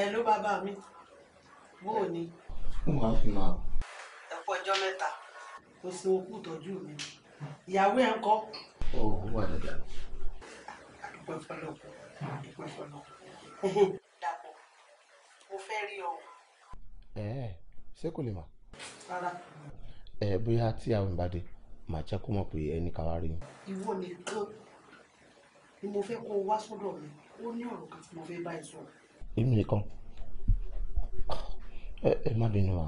ẹ ló bàbá mi bó o ní. ó máa fi máa. ẹ̀kọ́ ọjọ́ mẹ́ta kò sí okú ìtọ́jú mi ìyàwó ẹ̀ ń kọ́. ó wà dáadáa. àdúgbò ìfọlọ́kù àdúgbò ìfọlọ́kù dàpọ̀ mo fẹ́ rí ọ. ẹ ẹ ṣé kò lè mà. rárá. ẹ bóyá tí àwọn ìbàdí màá jẹ́ kó mọ̀ pé ẹni ká wá rí. ìwọ nìkan ni mo fẹ́ kó o wá sọ́dọ̀ mi ó ní ọ̀rọ̀ kan tí mo fẹ́ èmi nìkan ẹ ẹ má bínú wa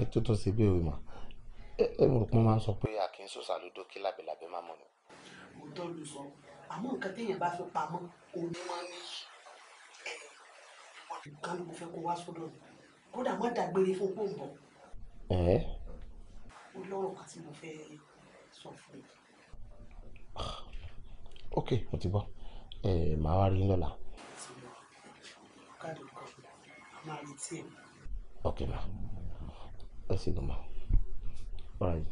ẹ tó tó ṣe bẹ́ẹ̀ mà ẹ mo rò pé wọ́n máa ń sọ pé àkín sòsà ló dókè lábẹ́lábẹ́ má mọ̀ ni. mo tọ́ lu sọ àmọ́ nǹkan téèyàn bá fi pamọ́ òun máa ń ní ẹ̀yìn kan ló fẹ́ kó wá sódò mi kódà má dàgbére fún pò ń bọ̀. ẹ. ó lọ́rọ̀ kan tí mo fẹ́ sọ fún mi. ok mo ti bọ́ ẹ màá wá rí yín káàdì kan máa retí ok ma ẹ sì lọ ma ọ̀rọ̀ yìí.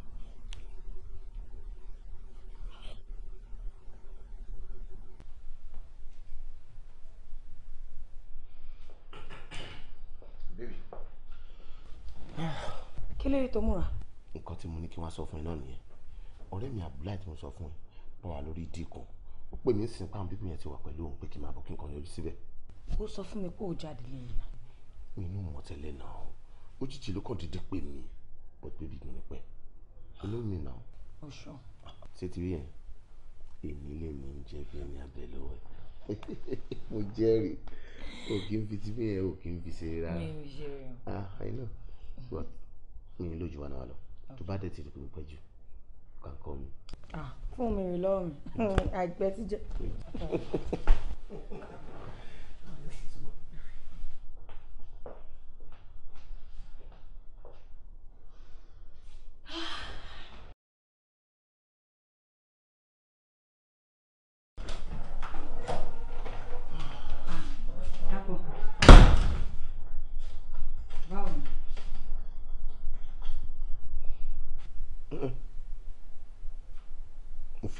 kí ló yẹ tó múra. nǹkan tí mo ní kí wọ́n sọ fún ẹ náà nìyẹn ọ̀rẹ́ mi Abdullahi tí mo sọ fún ẹ bọ́ wa lórí díìkù ó pè mí sìn pàmò bíbí yẹn ti wà pẹ̀lú òun pé kí n ó sọ fún mi pé ó jáde lẹ́yìn náà. mi inú mọ̀ tẹ́lẹ̀ náà òjijì ló kàn dídí pè mí but baby mi ni pẹ́ olómi náà. oṣù. ṣé ti rí yẹn èmi lè ní í jẹ bí ẹni abẹ lọ́wọ́ ẹ mo jẹ́rìí o kì í fi ti bí o kì í fi ṣe rárá. mi ò ṣe rẹ. ah i know but mi ò lójú wa náà lọ tó bá dẹ̀ ti rí pé jù kà ń kọ́ mi. Ah, fún mi rí lọ́wọ́ mi àìpẹ́ ti jẹ́.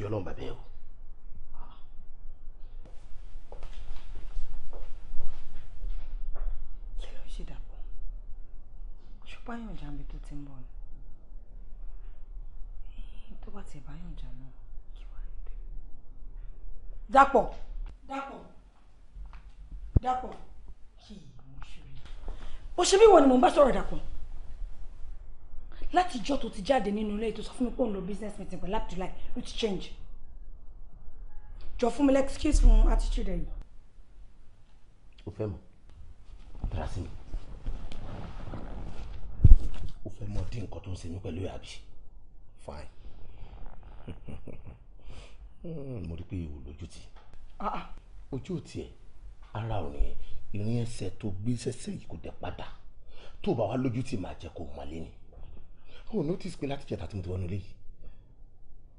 ọlọ́run bàbá ẹ o. kí ló ń ṣe dàpọ̀ ṣùgbọ́n àyànjá mi tó ti ń bọ̀ ni tó bá tiẹ̀ bá àyànjá náà kí wàá níbẹ̀. dàpọ̀ dàpọ̀ dàpọ̀ kí mo ṣe rí. o ṣe bí wọn ni mò ń bá sọ̀rọ̀ dàpọ̀ láti ìjọ́ tó ti jáde nínú ilé tó sọ fún mi pé òun lọ business meeting pẹ̀lú Abdullahi ló ti change jọ fún mi lẹ́kíṣíkìsì fún attitude ẹ̀yìn. o fẹ́ mọ̀ dára sí mi o fẹ́ mọ̀ dín nǹkan tó ń ṣe mí pẹ̀lú àbí fine mo rí i pé ìwò lójú ti ah, ah. ojú ò tiẹ̀ ara ò ní irin ẹsẹ̀ tó gbé sẹ́sẹ́ yìí kò dẹ̀ padà tó bá wa lójú ti máa jẹ́ kó mọ̀ lé ni o oh, notice pé láti jẹ́ tàbí mo ti wọnú lé yìí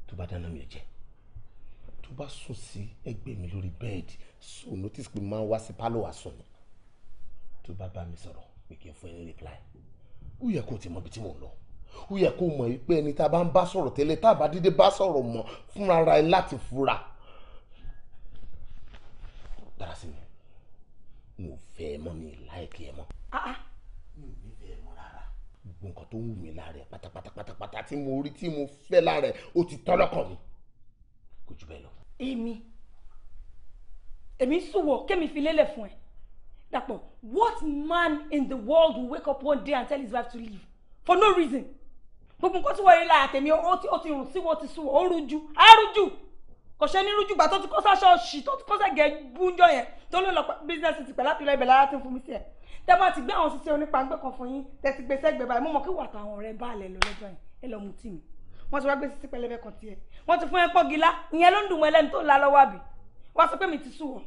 tó bá dáná mi ò jẹ́ tó bá sùn sí ẹ̀gbẹ́ mi lórí bẹ́ẹ̀dì so notice pé máa ń wá sí pálọ̀ wá sùn ni tó bá bá mi sọ̀rọ̀ mi kì í fún ẹni reply ó yẹ kó o ti mọ ibi tí mò ń lọ ó yẹ kó o mọ̀ pé ẹni tá a bá ń bá sọ̀rọ̀ tẹ́lẹ̀ tá a bá dídé bá sọ̀rọ̀ mọ́ fúnra ara ẹ láti fura dára sí mi mo fẹ́ ẹ mọ́ mi láìkí ẹ mọ́ mi ò ní fẹ́ ẹ mọ́ rárá gbogbo nǹkan tó ń wù mí lára ẹ pátápátá pátápátá tí mo rí tí mo fẹ́ lára ẹ ó ti tọ́lọ́kọ̀ mi kò jù bẹ́ẹ̀ lọ. Amy, èmi súwọ kémi fi lélẹ̀ fún ẹ dàpọ̀ what man in the world will wake up one day and tell his wife to leave for no reason gbogbo nǹkan tí wọ́n rí láyà tèmi ó ti ó ti rùn sí wọ́n ti súwọ́ ó rújú á rújú kò ṣe ní rújú gbà tó ti kó sáṣọ ṣì tó ti kó sẹ́gẹ̀ gúnjọ yẹn tó ló lọ bísíǹsì ti pẹ̀ láti lọ ibẹ̀ lára tí ń fún mi sí ẹ̀ tẹ́ bá ti gbé àwọn ṣiṣẹ́ onípangbé kan fún yín tẹ́ ti gbé sẹ́gbẹ̀ báyìí mo mọ̀ kí wàtà àwọn ọ̀rẹ́ bá àlẹ́ lọ lọ́jọ́ yẹn ẹ lọ mutí mi wọ́n ti wá gbé sisi pẹlẹbẹ wọ́n ti fún ẹ pọ́ gilá ìyẹn ló ń dùn mọ́ ẹlẹ́ni tó ń la lọ́wọ́ àbí wọ́n sọ pé mi ti sùn wọ́n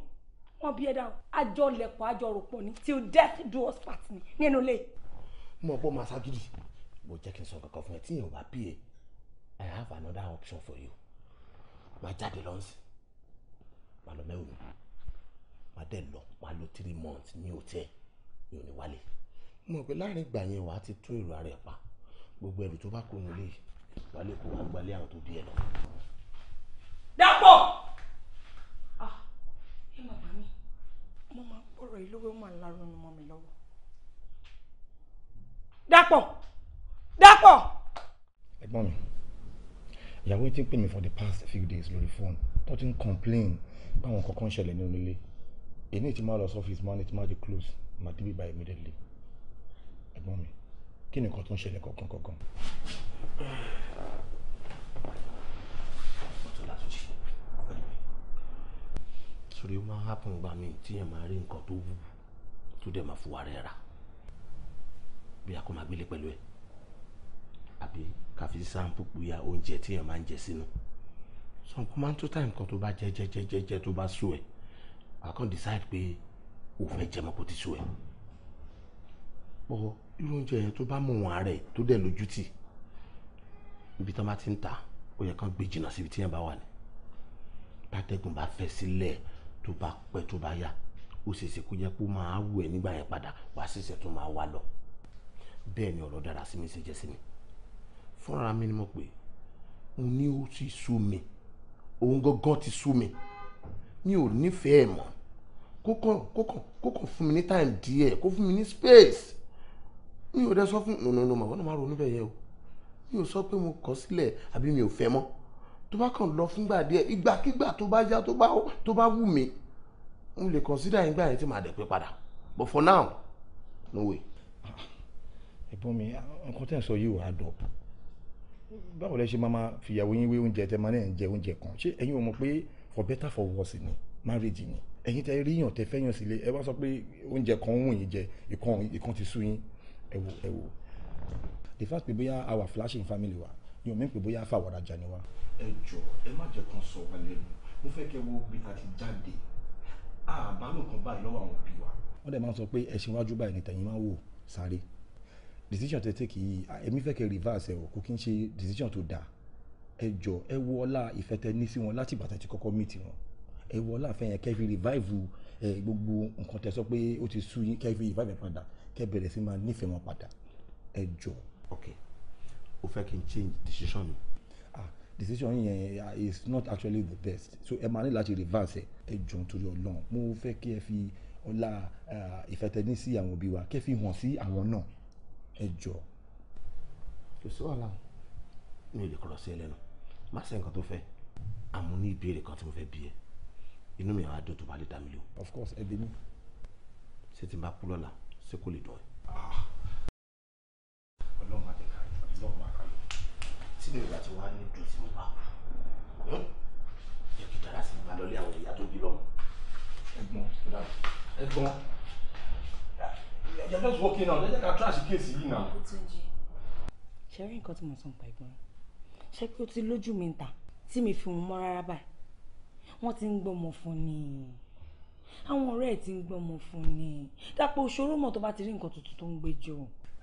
wọ́n bí ẹ dá o àjọ lẹ̀pọ̀ àjọ ròpọ̀ ni till death do us part ni ní ẹnu lé. mo bọ́ màá ságídì mo jẹ́ kí n sọ kankan fún ẹ tí yẹn bá bí ẹ I have another option for you máa jáde lọ́nsìn máa lọ mẹ́wòó máa dẹ̀ lọ máa lọ three months ní hòtẹ́ẹ̀ mi ò ní wálé mo rò pé láàrin ìgbà yẹn wàá ti tún èrò ara pa gbogbo ẹrù tó bá kó nílé yìí wà á lè kó wọn gbalẹ̀ àwọn tó bí ẹ lọ. Dàpọ̀. Ah, ẹ má gbà mí mo máa ń pọ̀rọ̀ yìí lówó máa ń larun ọmọ mi lọ́wọ́. Dàpọ̀ Dàpọ̀. ẹ̀gbọ́n mi ìyàwó ti ń pè mí for the past few days lórí fóònù tó ti ń complain báwọn kankan ṣẹlẹ̀ nínú ilé èyí ti máa lọ sọ́fíìsì máa ní ti máa di close máa débí by immediately ẹ̀gbọ́n mi kí ni nǹkan tó ń ṣẹlẹ̀ kankan kankan. sórí ó máa ń hápùn gbà mí tíyàn máa rí nǹkan tó wù tó dẹ̀ máa fúwa rẹ̀ rà bí a kò máa gbélé pẹ̀lú ẹ̀ àbí ká fi sáǹpù bóyá oúnjẹ tíyàn máa ń jẹ sínú sọ nǹkan máa ń tó táìmù kan tó bá jẹ jẹ jẹ jẹ jẹ tó bá sú ẹ wà á kàn decide pé o fẹ́ jẹ mọ́ kó ti sú ẹ bọ́ irú oúnjẹ yẹn tó bá mọ̀ wọ́n ara ẹ̀ tó dẹ̀ lójú tì ibi tí wọ́n bá ti ń ta ó yẹ kán gbé jìnnà síbi tíyàn bá wà ní bátẹ́gùn bá fẹ́ sílẹ̀ tó bá pẹ́ tó bá yá ó ṣèṣe kó jẹ́ pé ó máa wù ẹ́ nígbà yẹn padà wá ṣẹ̀ṣẹ̀ tó máa wá lọ bẹ́ẹ̀ ni ọ̀rọ̀ dára sí mi ṣe jẹ́ sí mi fúnra mi ni mo pè mo ní ó ti sú mi òun gangan ti sú mi mi ò nífẹ̀ẹ́ mọ́ kókàn kókàn kókàn fún mi ní time díẹ̀ kó fún mi ní space mi ò dẹ́ sọ fún no no no màá wọn náà máa ronú bẹ́ẹ̀ yẹn o mi ò sọ pé mo kọ̀ sílẹ̀ àbí mi ò fẹ́ mọ́ tó bá kàn lọ fúngbà díẹ̀ ìgbàkígbà tó bá yá tó bá wù mí n lè consider yín gbà yẹn tí màá dẹ̀ pé padà but for now no way. ẹ̀gbọ́n mi nǹkan tẹ́ ẹ̀ sọ yìí wà á dọ̀ báwo lẹ ṣe máa máa fìyàwó yín wé oúnjẹ tẹ́ máa náà ń jẹ oúnjẹ kan ṣé ẹ̀yin ò mọ̀ pé for better for worse ni marriage ni ẹ̀yin tẹ́ ríyàn tẹ́ fẹ́yàn sílé ẹ wá sọ pé oúnjẹ kan wù yín jẹ ìkan ìkan ti sú yín ẹ wò ẹ wò the fact pé bóyá our flashing family wa ni omi pè bóyá fàwọ̀rajà ni wa. ẹ jọ ẹ má jẹ́ kán sọ wa lẹ́nu mo fẹ́ kẹ́ wo bí a ti jáde àbálòkan báyìí lọ́wọ́ àwọn òbí wa. wọ́n dẹ̀ máa ń sọ pé ẹ̀sìn wájú báyìí ni tẹ̀yìn máa wò sáré decision tẹ take yìí èmi fẹ́ kẹ́ reverse ẹ̀ o kò kí n ṣe decision tó dáa ẹ jọ ẹ wo ọlá ìfẹ́ tẹ ní sí wọn láti ìgbà tẹ ti kọ́kọ́ meet wọn ẹ wo ọlá àfẹ́ yẹn kẹ́ fi revive ẹ gbogbo nǹkan tẹ sọ pé ó ti sú yín kẹ́ fi revive ẹ padà kẹ́ bẹ̀rẹ̀ sí máa nífẹ̀ẹ́ wọn padà ẹ jọ. okay o fẹ́ kí change decision mi. ah decision yẹn ah, is not actually the best so ẹ máa ní láti reverse ẹ ẹ jọ nítorí Ọlọ́run mo fẹ́ kí ẹ fi ọlá ah, ìfẹtẹni sí àwọn òbí wa kí ẹ fi hàn sí àwọn náà ẹ jọ. kò sí wàhálà mi ò lè kọ̀rọ̀ sí ẹ lẹ́nu má ṣe nǹkan tó fẹ́ àmọ́ ní ìbéèrè kan tí mo fẹ́ bí ẹ inú mi àwọn adùn tó bá lè dá mi lò. of course ẹ bí mi. ṣé tí n bá kú lọ́la ṣé kò lè dùn ẹ. Ah. tí mi ìgbà tí wàá ní dùn sí mi bá kú hm? jẹ́ dára sí máa lọlé àwọn ìyá tó bí lọ́mọ. ẹ̀gbọ́n ẹ̀gbọ́n you're just working on lẹ́jẹ̀ ká trash case yìí náà. ṣe rí nǹkan tí mo sọ nípa ẹ̀gbọ́n ṣé pé ó ti lójú mi ń ta tí mi fi mọ́ rárá báyìí wọ́n ti ń gbọ́mọ fún ni àwọn ọ̀rẹ́ ẹ̀ ti ń gbọ́mọ fún ni dápò òṣòro mọ̀ tó bá ti rí nǹkan tuntun tó ń gbé jù.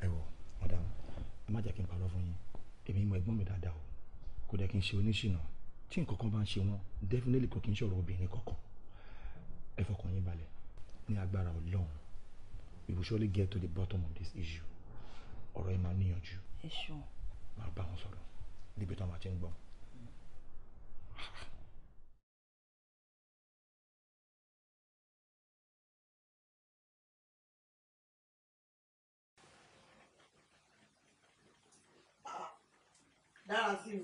ẹ wò madam ẹ má jẹ́ kí n parọ́ fún yín èmi mọ ẹ̀gbọ́n mi dáadáa o kò dẹ̀ kí n ṣe oníṣìnà tí nǹkan kan bá ń ṣe wọn definitely kò kí n ṣọ̀rọ̀ obìnrin kankan ẹ fọkàn yín balẹ̀ ní agbára ọlọ́run we will surely get to the bottom of this issue ọ̀rọ̀ yìí máa níyànjú máa bá wọn sọ̀rọ̀ níbi tí wọ́n máa ti ń gbọ́n. Tanzim.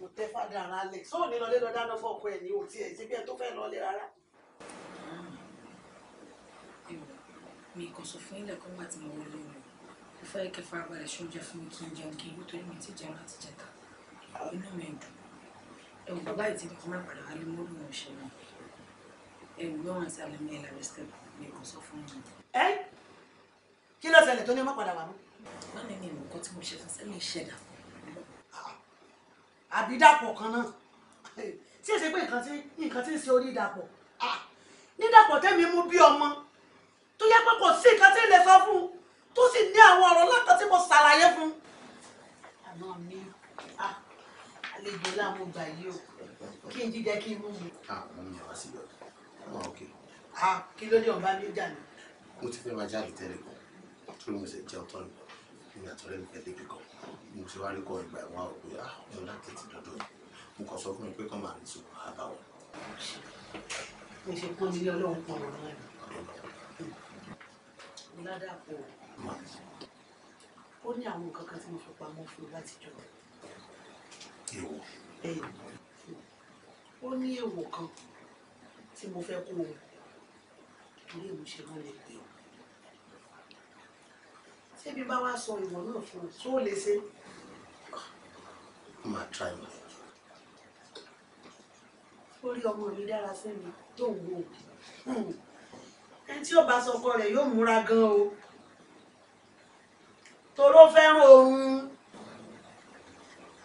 Mo tẹ́ fádà ara Alex. Ó ní lọlé lọ dáná fọ́ọ̀kọ ẹ̀ ní òtí ẹ̀ síbi ẹ̀ tó fẹ́ lọlé rárá. Mi kàn sọ fún ilẹ̀ kan gbà tí mo wọlé rẹ̀. Mo fẹ́ kẹ́ farabalẹ̀ ṣoúnjẹ fún mi kí n jẹun kí n nítorí mi ti jẹun láti jẹta. Inú mi dùn. Ẹ̀wọ̀n bàbá yìí ti ní má padà wálé mọ́rùn-ún ọ̀ṣẹ́ náà. Ẹ̀wọ̀n gbọ́n àti alẹ́ mi ẹ̀ lárẹ́ stẹ́pù mi kàn sọ fún mi. Ẹ́ kí ló ṣẹlẹ̀ tó ní ọmọ padà wà mí. báwo ni nǹkan tí mo ṣe fún sẹ́lẹ̀ iṣẹ́ dàpọ̀ àbí dàpọ̀ kan náà tí èsì pé nǹkan tí nǹkan tí ń ṣe orí dàpọ̀ ah, ní dàpọ̀ tẹ́mi mú bí ọmọ tó yẹ pé kò sí nǹkan tí ń lè sọ fún un tó sì ní àwọn ọ̀rọ̀ lọ́kàn tí mo ṣàlàyé fún un. àná mi ah, àlejò láwọn ọgbà yìí o kí n jíjẹ kí n mú mi. àwọn mi àwa sí lọ ah, kí ló dé ọba mi jà ní. mo ti fẹ́ máa jáde tẹ́lẹ̀ kan fún mi ṣe jẹun tán ni mi àtọ́rẹ́ mi fẹ́ débi kan mo ti wá rí kọ ìgbà ìwọ̀n àwọn òpè àwọn láti ti dọ́dọ̀ yìí mo kàn sọ fún mi pé kàn máa ní sùn máa bá wọn. mo ṣe pọ́n nílé ọlọ́run pọ̀ lọ́wọ́ ẹ̀ mo ládàpọ̀ ó ní àwọn nǹkan kan tí mo fi pamọ́ fún un láti èèwọ̀. ó ní èèwọ̀ kan tí mo fẹ́ kó o torí èmi ṣe rán lè ṣébi bá wá sọ ìwọ náà fún ọ tó lè ṣe. má try ma. orí ọmọ mi dára sẹ́mi tó wù ú hmm. ẹni tí ó bá sọkọ rẹ̀ yóò múra gan o toró fẹ́ràn ohun.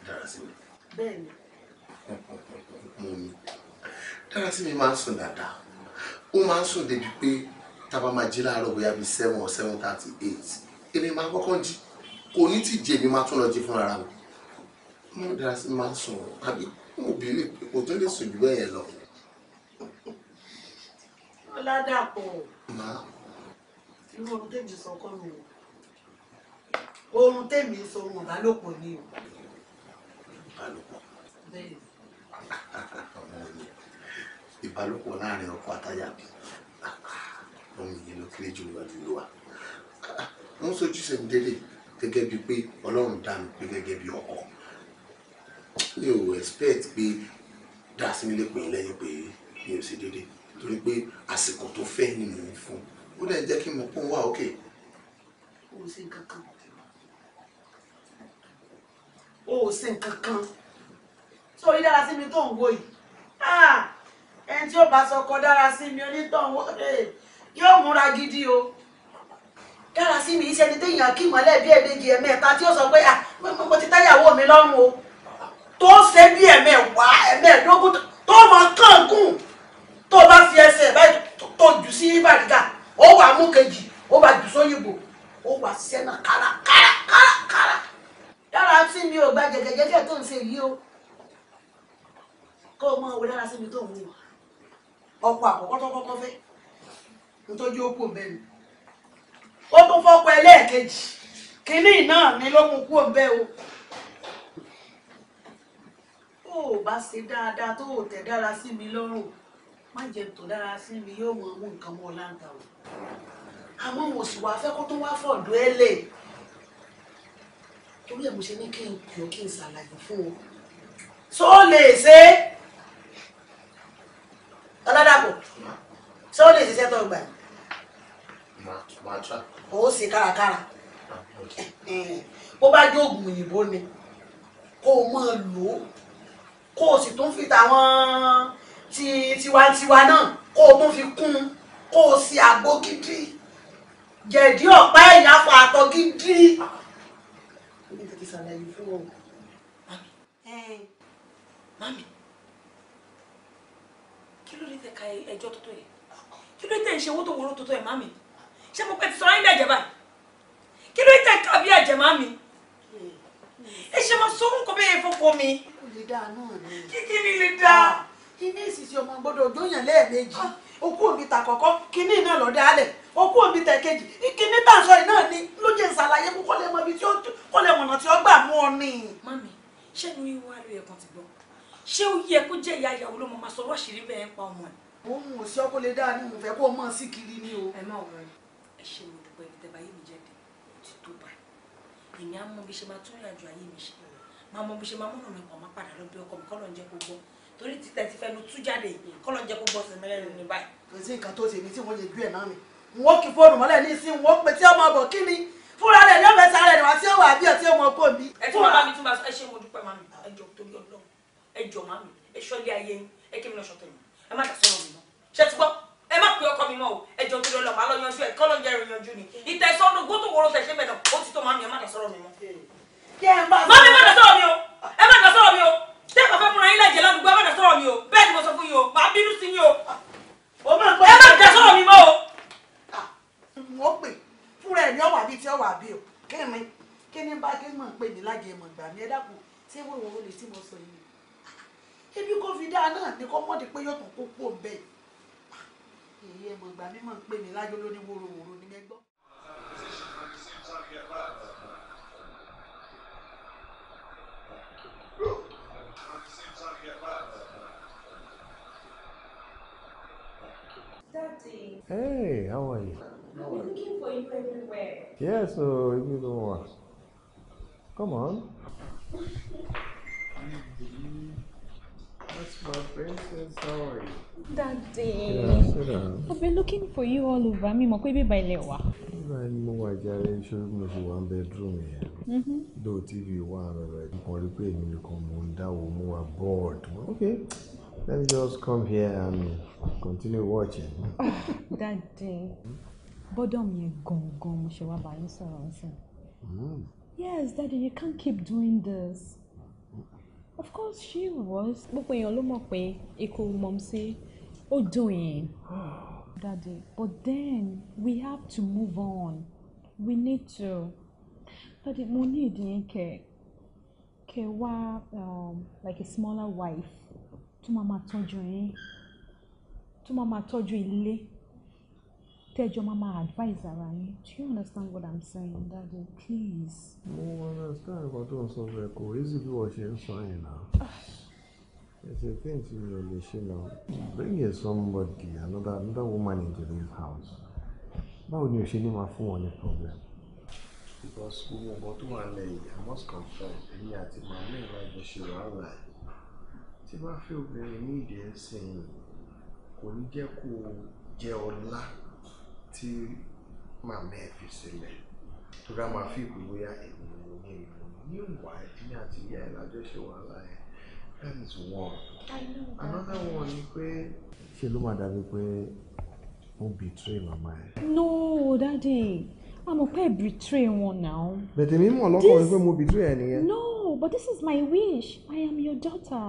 dára sí mi. bẹ́ẹ̀ni. mo ní dára sí mi máa ń sùn dáadáa ó máa ń sùn débi pé tá a bá máa jí láàárọ̀ bóyá bíi seven or seven thirty eight èmi máa kọ́kọ́ jí kò ní tí jẹ́ èmi máa tún lọ jí fúnra mi mo dára sí máa sùn àbí mo bèrè pé kò tó lè sùn jù bẹ́ẹ̀ yẹn lọ. Ọládàpọ̀ irú ohun tèmi sọ kọ́ mi o ohun tèmi sọ ohun ìbálòpọ̀ ni o. ìbálòpọ̀ ìbálòpọ̀ láàrin ọkọ àtayà mi ohun yìí ló kéré jù lọ jù ń sojú sèǹdélé gẹ́gẹ́ bíi pé ọlọ́run dá mi pé gẹ́gẹ́ bíi ọkọ mi ò expect pé dásímílẹ̀ pè lẹ́yìn pé mi ò ṣe déédéé torí pé àsìkò tó fẹ́ ni mò ń fún ó dẹ̀ jẹ́ kí mo kún wá òkè. o ò sí nǹkan kan o ò sí nǹkan kan sórí dára sí mi tó ń wo yìí ah! ẹni tí ó bá sọkọ dára sí mi onítọ̀hún eh, yóò múra gidi o dára sí mi iṣẹ́ ni téèyàn kí mọ́lẹ̀ bí ẹ̀ẹ́dẹ́jì ẹ̀mẹ́ta tí ó sọ pé ah, mo ti táyàwó mi lọ́rùn o tó ṣe bí ẹ̀mẹ́wàá ẹ̀mẹ́ẹ̀dógún tó mọ kàngùn tó bá fi ẹsẹ̀ báyìí tó jù sí bàríkà ó wà mú kejì ó bá jù sóyìnbó ó wà sẹ́nà kárakára kárakára dára sí mi ò gba jẹ̀gẹ̀jẹ̀gẹ̀ tó ń ṣe yìí o kó o mọ òwe dára sí mi tó ń wù ọkọ̀ àkọ́kọ́ tó kọ́kọ́ fẹ́ nítorí ó pò mẹ́rin ó tún fọ́kọ ẹlẹ́ẹ̀kejì kínní náà ni ló mú kú òǹbẹ́ o ó bá ṣe dáadáa tó tẹ̀ dára sí mi lọ́rùn má jẹ́ tó dára sí mi yóò mọ mú nǹkan mọ́ láǹkà o àmọ́ mo sì wá fẹ́ kó tó wá fọ̀dọ̀ ẹ lè torí ẹ̀ mo ṣe ní kí n kí n ṣàlàyé fún o tó lè ṣe é. ṣe kárakára bó bá jẹ́ oògùn òyìnbó ni kó o máa lò ó kó o sì tún fi tàwọn ti tiwantiwa náà kó o tún fi kún un kó o sì àgbo gidi jẹ̀dí ọ̀pá ẹ̀yà fún àtọ̀ gidi. mami kí ló dé tẹ ka ẹjọ́ tó tó yẹ kí ló dé tẹ ìṣe owó tó wọ́rọ́ tó tó yẹ mami ṣé mo pé ti sọ yín dẹ̀jẹ̀ báyìí kí ló ń tẹ̀ ká bí ẹ̀jẹ̀ máa mi ẹ ṣe máa sọ orúkọ bẹ́ẹ̀ fọ́pọ̀ mi. kò lè dáa náà ni. kíkí ni lè dáa. Ah, kíní ìsìsì ọmọ gbọ́dọ̀ jóyàn lẹ́ẹ̀mejì ah. okú òbí ta kọ́kọ́ kíní náà lọ dálẹ̀ okú òbí tẹ̀ kejì kíní tà sọ yìí náà ni ló jẹ́ ìsàlàyé mú kọ́lẹ̀ mọ́ ibi tí ó kọ́lẹ̀ mọ̀nà tí ó gbà mú ọ ni. mami ṣé inú yín wá lóye kan ti gbọ́ ṣé ó yẹ kó jẹ́ ìyá ìyàwó ló mọ máa sọ rọ́ọ̀ṣì rí bẹ́ẹ̀ pa ọmọ ẹ̀. òun ò sí ọkọ lè dáa ní ìfẹ́ kó o mọ̀ sí kiri ni o. ẹ má wọrẹ ẹ ṣe mo dúpẹ́ ibi tẹ́bà yé mi jáde ó ti tó bá èmi á mọ bí ṣe máa tún ìrìn àjò ayé mi ṣe máa mọ bí ṣe máa múnà mi pọ̀ máa padà lọ bí ọkọ mi kọ́ ló ń jẹ́ kó gbọ́ torí títẹ̀ ti fẹ́nu tú jáde kọ́ ló ń jẹ́ kó gbọ́ sí mẹ́rẹ̀ẹ̀rin ní báyìí. kò sí nǹkan tó ṣe mí tí wọ́n yẹ gbé ẹ̀ náà mi wọ́n kì fóònù mọ́lẹ̀ ní ìsín wọ́n pè tí ọmọ ọ̀bọ̀ kí ni fúnra rẹ̀ lọ́fẹ̀ẹ́ sára rẹ̀ wá sí ọ̀wà àbí ọ̀tí ọmọ ọkọ mi. ẹ tí wọn mi tún bá ẹ ṣe mo dúpẹ́ mami ẹ jọ torí Ọlọ́run ẹ jọ mami ẹ ṣọ́lé ayé ẹ kí mi lọ ṣọ̀tẹ̀ mi ẹ má dà sọ́rọ̀ mi mọ́ ṣé ti gbọ́ ẹ má pè ọkọ mi mọ́ o ẹjọ tó lọ máa lọ yanjú ẹ kọ́ ló ń jẹ́ ìrìnyanjú ni ìtẹ̀sọ́nù gbótò wọ́rọ́ tẹ̀ ṣe bẹ̀rẹ̀ ó ti tó máa mi ẹ má dà sọ́rọ̀ mi mọ́. mọ́mí má dà sọ́rọ̀ mi o ẹ má dà sọ́rọ̀ mi o ṣé bàbá múra yín lájẹ ládùúgbò ẹ má dà sọ́rọ̀ mi o bẹ́ẹ̀ ni mo sọ fún yín o màá bínú sí yín o ẹ má dà sọ́rọ̀ mi mọ́ o. mo pè fúnra ẹ̀ ní bíi ti ọ̀wà bí o kí ni bá kí mọ̀ pé mi lájẹ mọ̀ gbà mí ẹ dákun ṣé Daddy. Hey, how are you? I've been looking for you everywhere. Yeah, so you know what? Come on. Daddy. I've been looking for you all over. Mi mọ̀ pé bíbá ilé wa. Bíbá ni mo wà jàre ṣórí mo fi wà ń bedroom yẹn. Dó TV wà rẹ̀ nǹkan rí pé èmi nìkan mò ń dáwọ́ mo wà bored. Okay, let me just come here and continue watching. Daddy, bọ́dọ̀ mi yẹn gangan mo ṣe wá bá yín sọ̀rọ̀ nsìn. Mm. Yes, Daddy, you can't keep doing this of course she was gbogbo èèyàn ló mọ̀ pé ikú mọ̀mísí ó dùn yín daddy but then we have to move on we need to daddy mo ní ìdíyín kẹ kẹ wá um, like a smaller wife tó máa máa tọ́jú yín tó máa máa tọ́jú ilé tẹ́jọ́ máa máa advise ara yín do you understand what i'm saying daddy please. mo understand nǹkan tó ń sọ bẹ́ẹ̀ kò rí sí bí wọ́n ṣe ah. it's a thing tí mi ò lè bring a somebody another another woman into this house báwo ni o ṣe ní máa fún problem. because gbogbo nǹkan tó wà i must confess èmi àti màmá ìwà ìjọṣẹ̀rọ̀ àlà tí bá fẹ́ obìnrin ní ìdí ẹ̀sìn kò ní jẹ́ kó jẹ́ ọlá tí màmá ẹ̀ fi sílẹ̀ tó ká máa fi ìpè bóyá èmi ni mo ní èmi ni ní ìwà ẹ̀mí àti ìyá ẹ̀ lájọṣe wàhálà ẹ̀ that is one. another one ni pé. ṣé ló máa dàbí pé ó betray màmá ẹ. no daddy a mọ̀ pé betray wọn náà. bẹ̀tẹ̀ mi mọ̀ lọ́kàn mi pé mo betray ẹ nìyẹn. no but this is my wish i am your daughter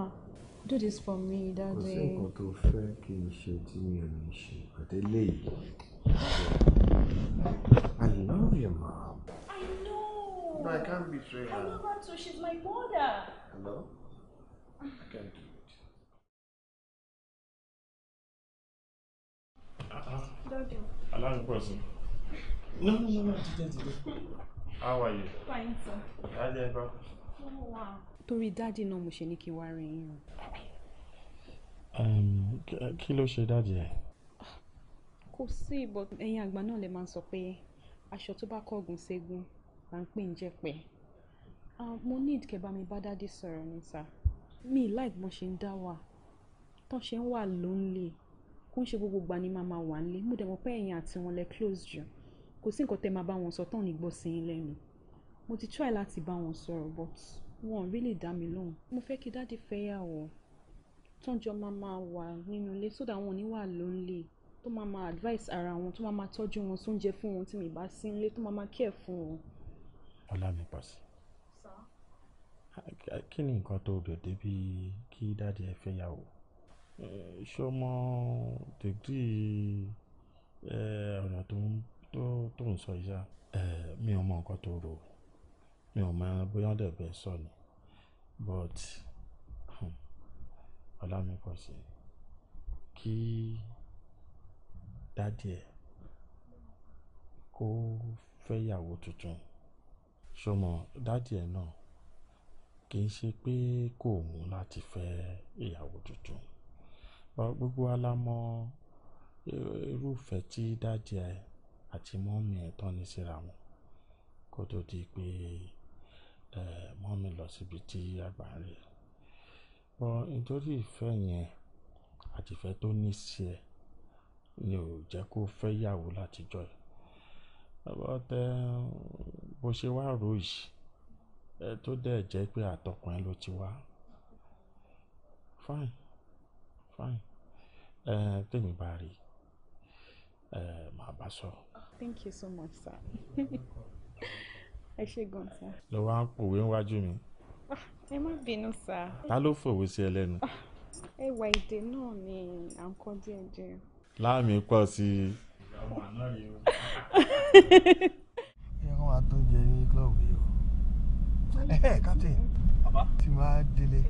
do this for me daddy. kò sí nǹkan tó fẹ́ kí n ṣe tí mi ò ní ṣe àtẹ́lẹ́yìn. I love your mom. I know. But I can't betray her. I love her too. She's my mother. Hello? I can't do it. Uh-uh. Don't do it. Allow me person. No, no, no, no. How are you? Fine, sir. How are you, bro? Oh, wow. Torí daddy. No, mo ṣe ní kí n wá rí Kò sí but ẹ̀yin àgbà náà lè máa ń sọ pé aṣọ tó bá kángun ségun là ń pè ń jẹpẹ́. mo need kẹ́ bá mi bá daddy sọ̀rọ̀ ni Mi like bọ́n ṣe ń dá wà, tọ́n ṣe ń wà lonely. Kó ṣe gbogbo ìgbà ni màá máa wà nílé. Mo dẹ̀ mọ̀ pé ẹ̀yin àti wọn lẹ close jù. Kò sí nǹkan tẹ máa bá wọn sọ tọ́n ní gbọ́ sí yín lẹ́nu. Mo ti try láti bá wọn sọ̀rọ̀ but wọ́n really dá mi lóhùn. Mo fẹ́ kí daddy fẹ́yàwó, tọ́n jọ máa máa wà nínú ilé so that wọ́n ò ní wà lonely tó máa máa advice ara wọn tó máa máa tọ́jú wọn tó ń jẹ fún wọn tí mi bá sí nílé tó máa máa care fún wọn. ọlá mi pọ̀ sí kí ni nǹkan tó rò débi kí dáàdi ẹ fẹ́yàwó ṣó mọ ọ̀nà tó ń sọ yìí mi ò mọ nǹkan tó rò mi ò mọ bóyá ọ̀dẹ̀ bẹ́ẹ̀ sọ ni but hmm, ọlá mi pọ̀ sí kí dádì ẹ̀ kó fẹ́ ìyàwó tuntun. Ṣo mọ̀ dádì ẹ̀ náà kì í ṣe pé kò wù láti fẹ́ ìyàwó tuntun. Gbogbo wa la mọ irúfẹ́ tí dádì ẹ̀ àti mọ́mì ẹ̀ tán ní síra wọn kó tó di pé, eh, mọ́mì lọ síbi tí àgbà ń rẹ̀. But nítorí ìfẹ́ yẹn àti tó ní sí ẹ ni ò jẹ́ kó fẹ́ ìyàwó látijọ́ yìí. But eh, bó ṣe wà rò yìí, ẹ tó dẹ̀ jẹ́ pé àtọkùn ló ti wá. Fine, fine. Ẹ tèmi bá rí, ẹ màá bá sọ̀rọ̀. Thank you so much, sir. Ẹ ṣé gan, sir. Lọ wá ń pòwe níwájú mi. Ah, ẹ má bínú, sir. Ta ló fòwe sí ẹ lẹ́nu? Ah, ẹwà èdè náà ni à ń kọ́ díẹ̀díẹ̀ láàmì pọ̀ sí i. ẹ̀yọ́ kan wà tó jẹ ní club yìí o. ẹ̀ẹ́ captain tí máa délé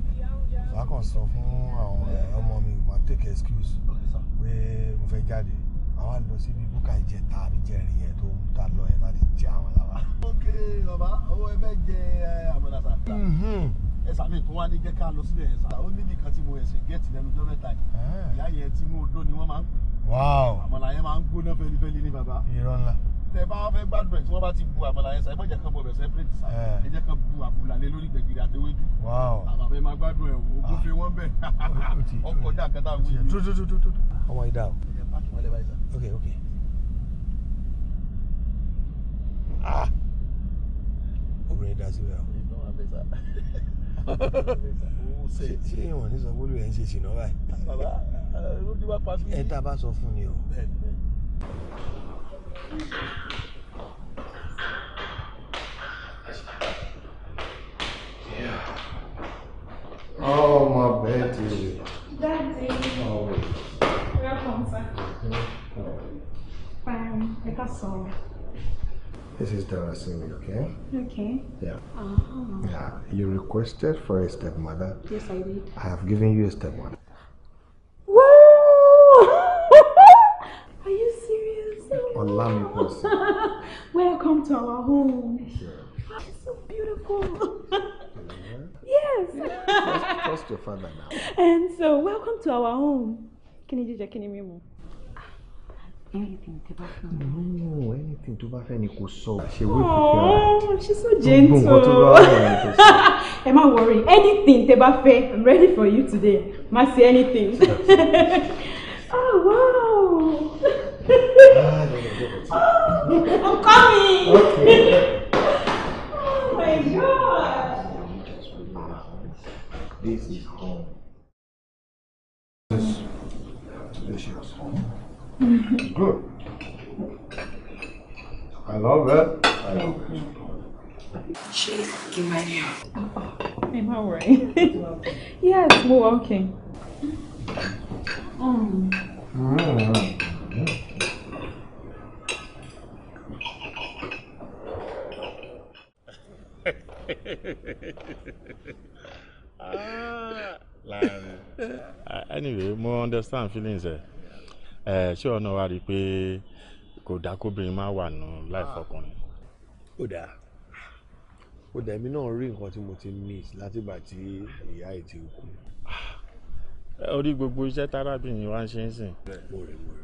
màá kàn sọ fún àwọn ọmọ mi màá take excuse pé mo fẹ́ jáde àwa lọ síbi búkà ìjẹta àbí jẹrin yẹn tó ń ta lọ yẹn láti jẹ àwọn làwà. ok bàbá owó ẹ fẹ́ jẹ àmàlà sà. Mm-hmm. ẹ̀sà mi tún wá ní jẹ́ ká lọ sílẹ̀ ẹ̀sà ó níbi kan tí mo ẹ̀sìn gẹ̀ẹ́tì lẹ́nu jọ́mẹ́ta yìí ah. ìyá yẹn tí mo dó ni wọ́n máa ń pè àmàlà yẹn máa ń gbóná fẹlifẹli ní bàbá. irọ́ ńlá. tẹ bá fẹ́ gbàdúrà tí wọ́n bá ti bu àmàlà yẹn sáyé mọ̀jẹ̀ kan bọ̀ bẹ̀ sẹ́pẹ̀rẹ̀tì sáyé eh. ẹ jẹ́ kan bu àbùlà lé lórí gbẹ̀gìrì àtẹwédú. àmà fẹ́ máa gbádùn ẹ̀ ogún fi wọ́n bẹ̀ ọkọ̀ ah. dà kátà wíwí. ọmọ ìdá o. ok ok. ah obìnrin dá síbẹ̀ o. ṣé ìwọ̀n ní sọ wọ́lú ẹ̀ ń ṣe ṣìnà báyìí ló bá sọ fún ni o. Oh, my bad, dear. Daddy. Oh. Welcome, sir. Fine. Let us all. This is Darasimi, okay? Okay. Yeah. Oh. Yeah. You requested for a stepmother. Yes, I did. I have given you a stepmother. Olami person. Welcome to our home. Yeah. It's so beautiful. Yes. Trust, trust your father now. And so, welcome to our home. Kí ni jíjẹ, kí ni mímu? Ah, anything tó bá No, anything tó bá fẹ́ ni kò sọ. Ṣé She's so gentle. Am I tó anything tẹ́ bá I'm ready for you today. Má ṣe anything. oh, wow. oh, I'm coming. Okay. oh my god. This is home. This, Today she home. Good. I love it. I love it. She's Kimania. Oh, I'm alright. yes, we're walking. Mm. Mm. mm. Ah, ah, anyway mo understand feelings ẹ ẹ ṣé ọ̀nà wa rí i pé kò dáa kóbìnrin máa wà nù life ọkùnrin. ó dáa ó dáa èmi náà rí nǹkan tí mo ti miss látìgbà tí ìyá ẹ̀ ti kú. Ah, orí gbogbo iṣẹ́ tárábìnrin wa ń ṣe ń sìn. mo rí mo rí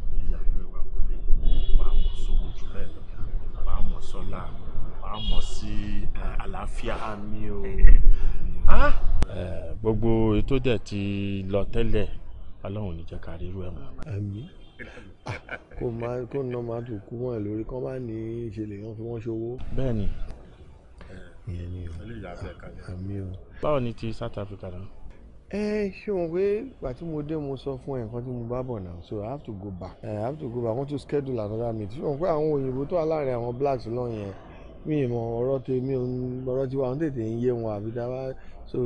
Adésọlá a mọ̀ sí àlàáfíà. àmì o. gbogbo ètò dẹ̀ ti lọ tẹ́lẹ̀ ọlọ́run ní jẹ́ ká rí irú ẹ̀ mọ́. àmì kó máa kó nà máa tún kú wọn lórí kán bá ní ìṣẹ̀lẹ̀ yẹn fi wọn ṣòwò. bẹ́ẹ̀ni. ìyẹn ni o àmì o. báwo ni ti South Africa náà ṣé wọn pé ìgbà tí mo dé mo sọ fún ẹ nǹkan tí mo bá bọ̀ náà so i have to go back i have to go back i want to schedule another meeting ṣé wọn pé àwọn òyìnbó tó wà láàrin àwọn blacks lọ́yẹn mi ì mọ ọ̀rọ̀ tèmi ọ̀rọ̀ tiwa àwọn tètè ń yé wọn àbí dáwà so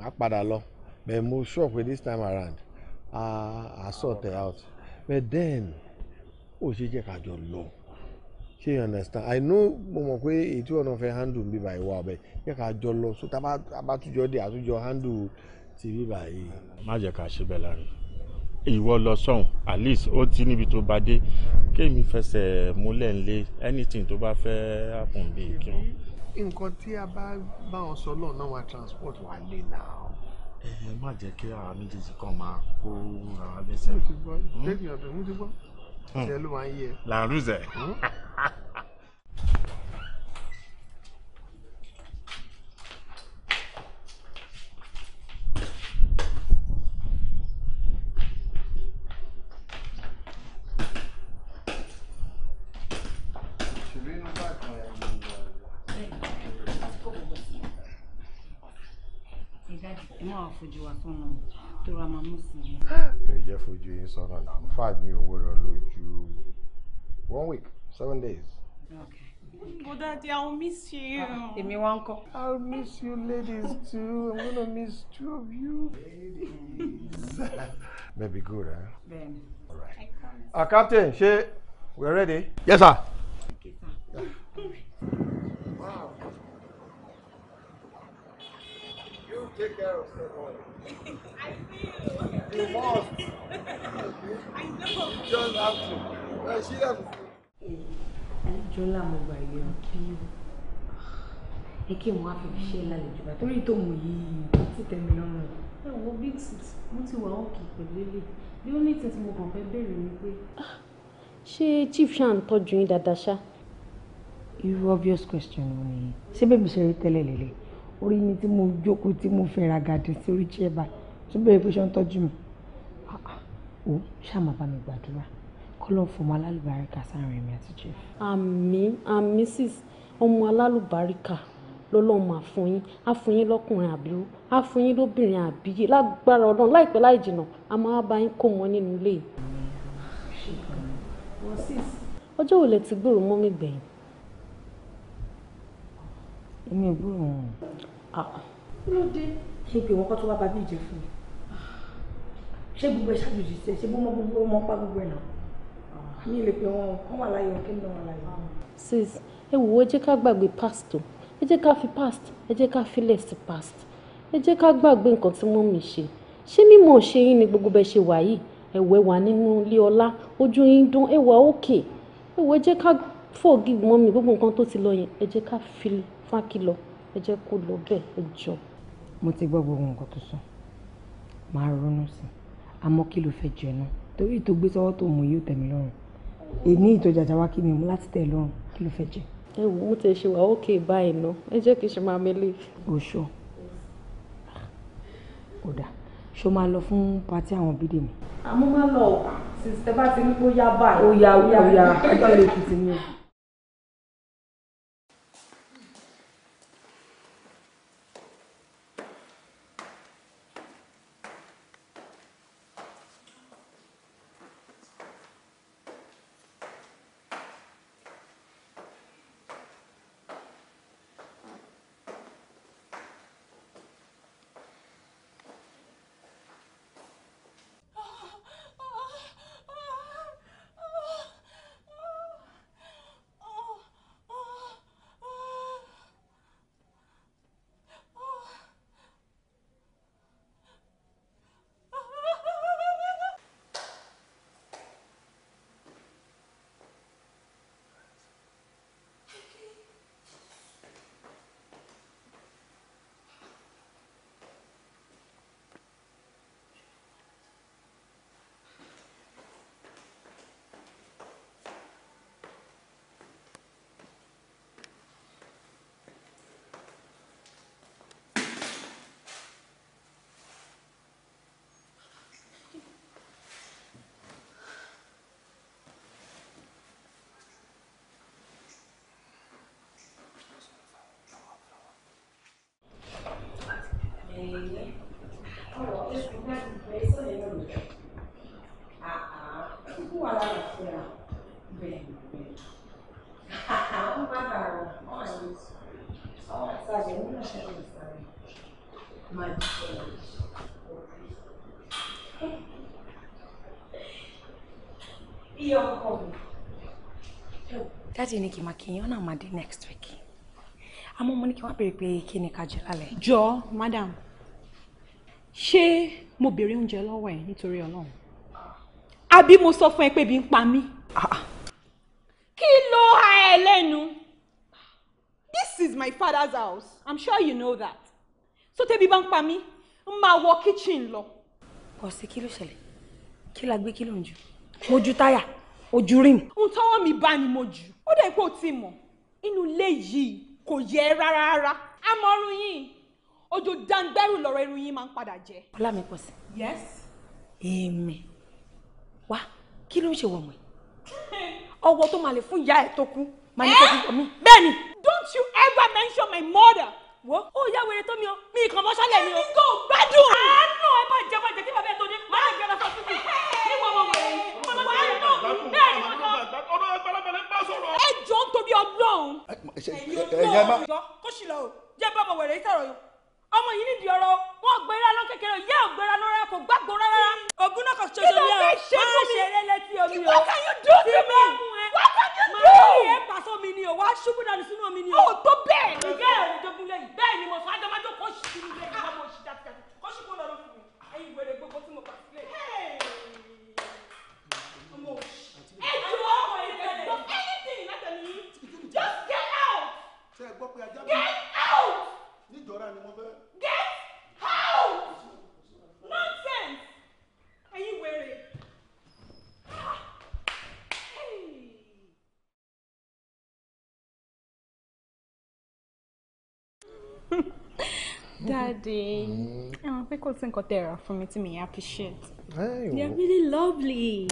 a padà lọ but mo sure pé this time around I a sort it out but then ó ṣe jẹ́ kájọ lọ ṣe you understand i know mo mọ̀ pé ètò ọ̀nà fẹ́ handle mi by wa ọ̀bẹ jẹ́ kájọ lọ so tá a bá tún jọ dé àtúnjọ handle ti rí báyìí. má jẹ́ ká ṣe bẹ́ẹ̀ láàrin ìwọ lọ sọ́hùn at least ó ti níbi tó bá dé kémi fẹsẹ̀ múlẹ̀ ńlé anything tó bá fẹ́ happen bíi kí wọ́n. nǹkan tí a bá bá wọn sọ lọ́nà wa transport wà lè nà ọ́. ẹ má jẹ́ kí àwọn méjèèjì kan máa kó ra lẹ́sẹ̀. mo ti gbọ́ hmm? lẹ́yìn ọ̀dọ̀ mo ti gbọ́ hmm. ṣe ló máa ń yẹ. làrúzẹ̀. Hmm? máa fojú wa sọ́nà tó jẹ́ fojú yín sọ́nà náà in fact mi ò lójú one week seven days. Okay. But Daddy, I'll miss you. Ah, èmi wá ńkọ́. I'll miss you ladies too. I'm gonna miss two of you. Maybe good, eh? Ben. All right. Uh, Captain, she, we're ready? Yes, sir. Okay, sir. wow. Take care of someone. I will. You must. I know. You just have to. No, she doesn't. Jọ́lá mo gbà yẹ ọ kí o. Ẹ kí n wá fi fi ṣe lálejò bá torí tó mú yìí ti tẹ̀mí lọ́rùn. Ẹ wo big six mo ti wà òkè pẹ̀lú ilé. Bí ó ní tẹ̀sí mo kàn fẹ́ béèrè ni pé. Ah, ṣé chief Shan ń tọ́jú yín dáadáa ṣá? Irú obvious question wo nìyí? Ṣé bẹ́ẹ̀ mi ṣe rí tẹ́lẹ̀ lélẹ̀? orí mi tí mo jókòó tí mo fẹ́ ra gàdé sí orí chair báyìí tún bẹ̀rẹ̀ pé ṣé ń tọ́jú mi ó ṣàmà bá mi gbàdúrà kọ́lọ́n fọmọ alálùbáríkà sáàrin mi àti Jeff. àmín àmín sis ọmọ alálùbáríkà lọ́lọ́run máa fún yín á fún yín lọ́kùnrin àbíyó á fún yín lóbìnrin àbíyé lágbára ọlọ́run láìpẹ́ láì jìnnà a máa bá yín kó wọn nínú ilé yìí. ọjọ́ wo lẹ ti gbèrò mọ́ gbẹ̀yìn èmi ò gbúrò wọn. Ah. kí ló dé ṣé pé wọn kọ́ tó wá bá bí ìjẹ fún mi ṣé gbogbo ẹ̀ ṣàjòjì sí ẹ ṣé gbogbo gbogbo ọmọ pa gbogbo ẹ̀ náà ah, mi lè pè wọn kọ́ wà láyé ọ̀kẹ́ náà wà láyé. Ah. sis ẹ wò ó jẹ́ ká gbàgbé past o ẹ jẹ́ ká fi past ẹ jẹ́ ká filẹ̀ sí past ẹ jẹ́ ká gbàgbé nǹkan tí mọ́ mi ṣe ṣé mímọ̀ ṣe yín ni gbogbo bẹ́ẹ̀ ṣe wà yìí ẹ̀wẹ̀ wà nínú ilé ọlá ojú yín dún ẹ̀wà òkè ẹ̀wẹ̀ jẹ́ ká forgive mọ́ mi gbogbo nǹkan tó ti lọ yẹn ẹ jẹ́ ká filẹ̀ fákìlọ̀ ẹ jẹ́ kó lọ bẹ́ẹ̀ ẹ jọ. mo ti gbọ́ gbogbo nǹkan tó sọ màá ronú sí i àmọ́ kí ló fẹ́ jẹ náà torí ìtò gbé sọ́wọ́ tó mú yóò tẹ̀mí lọ́rùn èmi ìtọ́jà jáwá kí mi mú láti tẹ̀ lọ́rùn kí ló fẹ́ jẹ. ẹ wò ó tẹ ṣe wà ókè báyìí ná ẹ jẹ́ kí n ṣe máa mẹ́lẹ̀. oṣù ọ̀dà ṣó máa lọ fún pátí àwọn bídè mi. àmọ́ máa lọ sísè bá ti ní kó yá báyìí. ó yá ó yá ó yá ó yá lè fi ti ní o. Bene. Allora, io sono una compresa della Ah ah, uguale alla sera. Bene, bene. Ah ah, un pantalone. Oh, è visto. Oh, sa che una c'è questa. Ma è Io come. Dájú next week. Àmọ́ mo ní kí wọ́n béèrè pé kí ni ká madam ṣé mo béèrè oúnjẹ lọ́wọ́ ẹ̀ nítorí ọlọ́run àbí mo sọ fún ẹ pé bí ń pa mí. Ah, ah. kí ló ha ẹ lẹ́nu this is my father's house i'm sure you know that so tẹ́bí bá ń pa mí ń máa wọ kitchen lọ. ọ̀sẹ̀ kí ló ṣẹlẹ̀ kí la gbé kí ló ń jù mo ju táyà ojú rìn. ohun tọ́wọ́ mi bá ni mo jù ó dẹ̀ pé ó ti mọ̀ inú ilé yìí kò yẹ rárá rárá amọ̀run yìí ojú dangbẹ́rù lọ́rọ̀ irun yín máa ń padà jẹ. ọlá mi pọ̀ sí. yes. èmi wá kí ló ń ṣe wọ̀mọ̀ ẹ̀ ọwọ́ tó máa lè fún ìyá ẹ̀ tó kú máa ní kó fi wọ̀ mí. bẹ́ẹ̀ni. don't you ever mention my mother. wo ó yá wèrè tó mi o mi kàn mọ́ sálẹ̀ mi o. èmi kò gbádùn. àánú ẹ bá jẹ́ bàjẹ́ kí bàbá ẹ tó dé má lè gbẹ́ra sọ fún mi. níwọ̀n mo wẹ̀ ẹ́ bẹ́ẹ̀ ni mo sọ. ọ̀nà ẹgbẹ́lẹ́gbẹ́lẹ́ bá sọ̀rọ̀. ẹ jọ ń torí ọlọ́run. ẹ̀yin ọlọ́run jọ kó sì lọ o jẹ́ bá ọmọ wẹ̀rẹ̀ sọ̀rọ̀ yìí ọmọ yìí nídìí ọ̀rọ̀ wọn gbéra lọ kékeré yẹ ò gbéra lọ rárá kò gbàgbó rárá ogun náà kò ṣoṣo mi ọ máa ṣe eré létí omi o what can you do to me what can you do máa ní ẹ pàṣọ mi ni o wá ṣubú dànù sínú omi ni o. ó tó bẹ́ẹ̀. ìyá ẹ̀ ń jogun lẹ́yìn bẹ́ẹ̀ ni mo sọ adámájọ́ kò sì sí ilé ìjọba mo sì jáde jáde kò sì kó lọ lọ fún mi ẹ̀yin ìwé rẹ̀ gbogbo tí mo pàṣẹ lẹ́yìn. ọmọ òṣì ẹ ju anything látẹ̀lí just get out. ṣe é gbọ́ pé ajá mi. get out. That's Mm-hmm. Daddy, àwọn mm-hmm. pé kò sí nǹkan tẹ̀ rà fún mi tí mi appreciate. Hey, They are really lovely.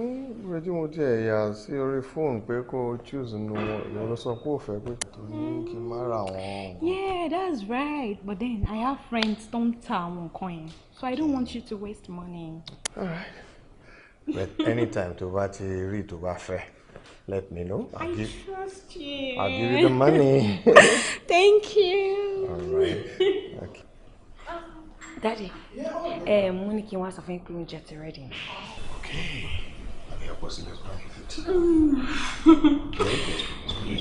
Ready, mm, mo ti ẹ̀yà sí orí fóònù pé kó o choose nu wọn, ìwọ ló sọ pé ò fẹ́ pé tó ní mm. kí n má ra wọn. Yeah, that's right. But then I have friends tó ń ta àwọn nǹkan yẹn. So I don't want you to waste money. All right. But anytime tó bá ti rí tó bá fẹ́. Let me know. I'll I give, trust you. I'll give you the money. Thank you. All right. Okay. Daddy, ẹ eh, mú ní kí wọ́n sọ fún yín pé oúnjẹ ti rẹ́dì. Ok, àbí ọ̀pọ̀ sílẹ̀ fún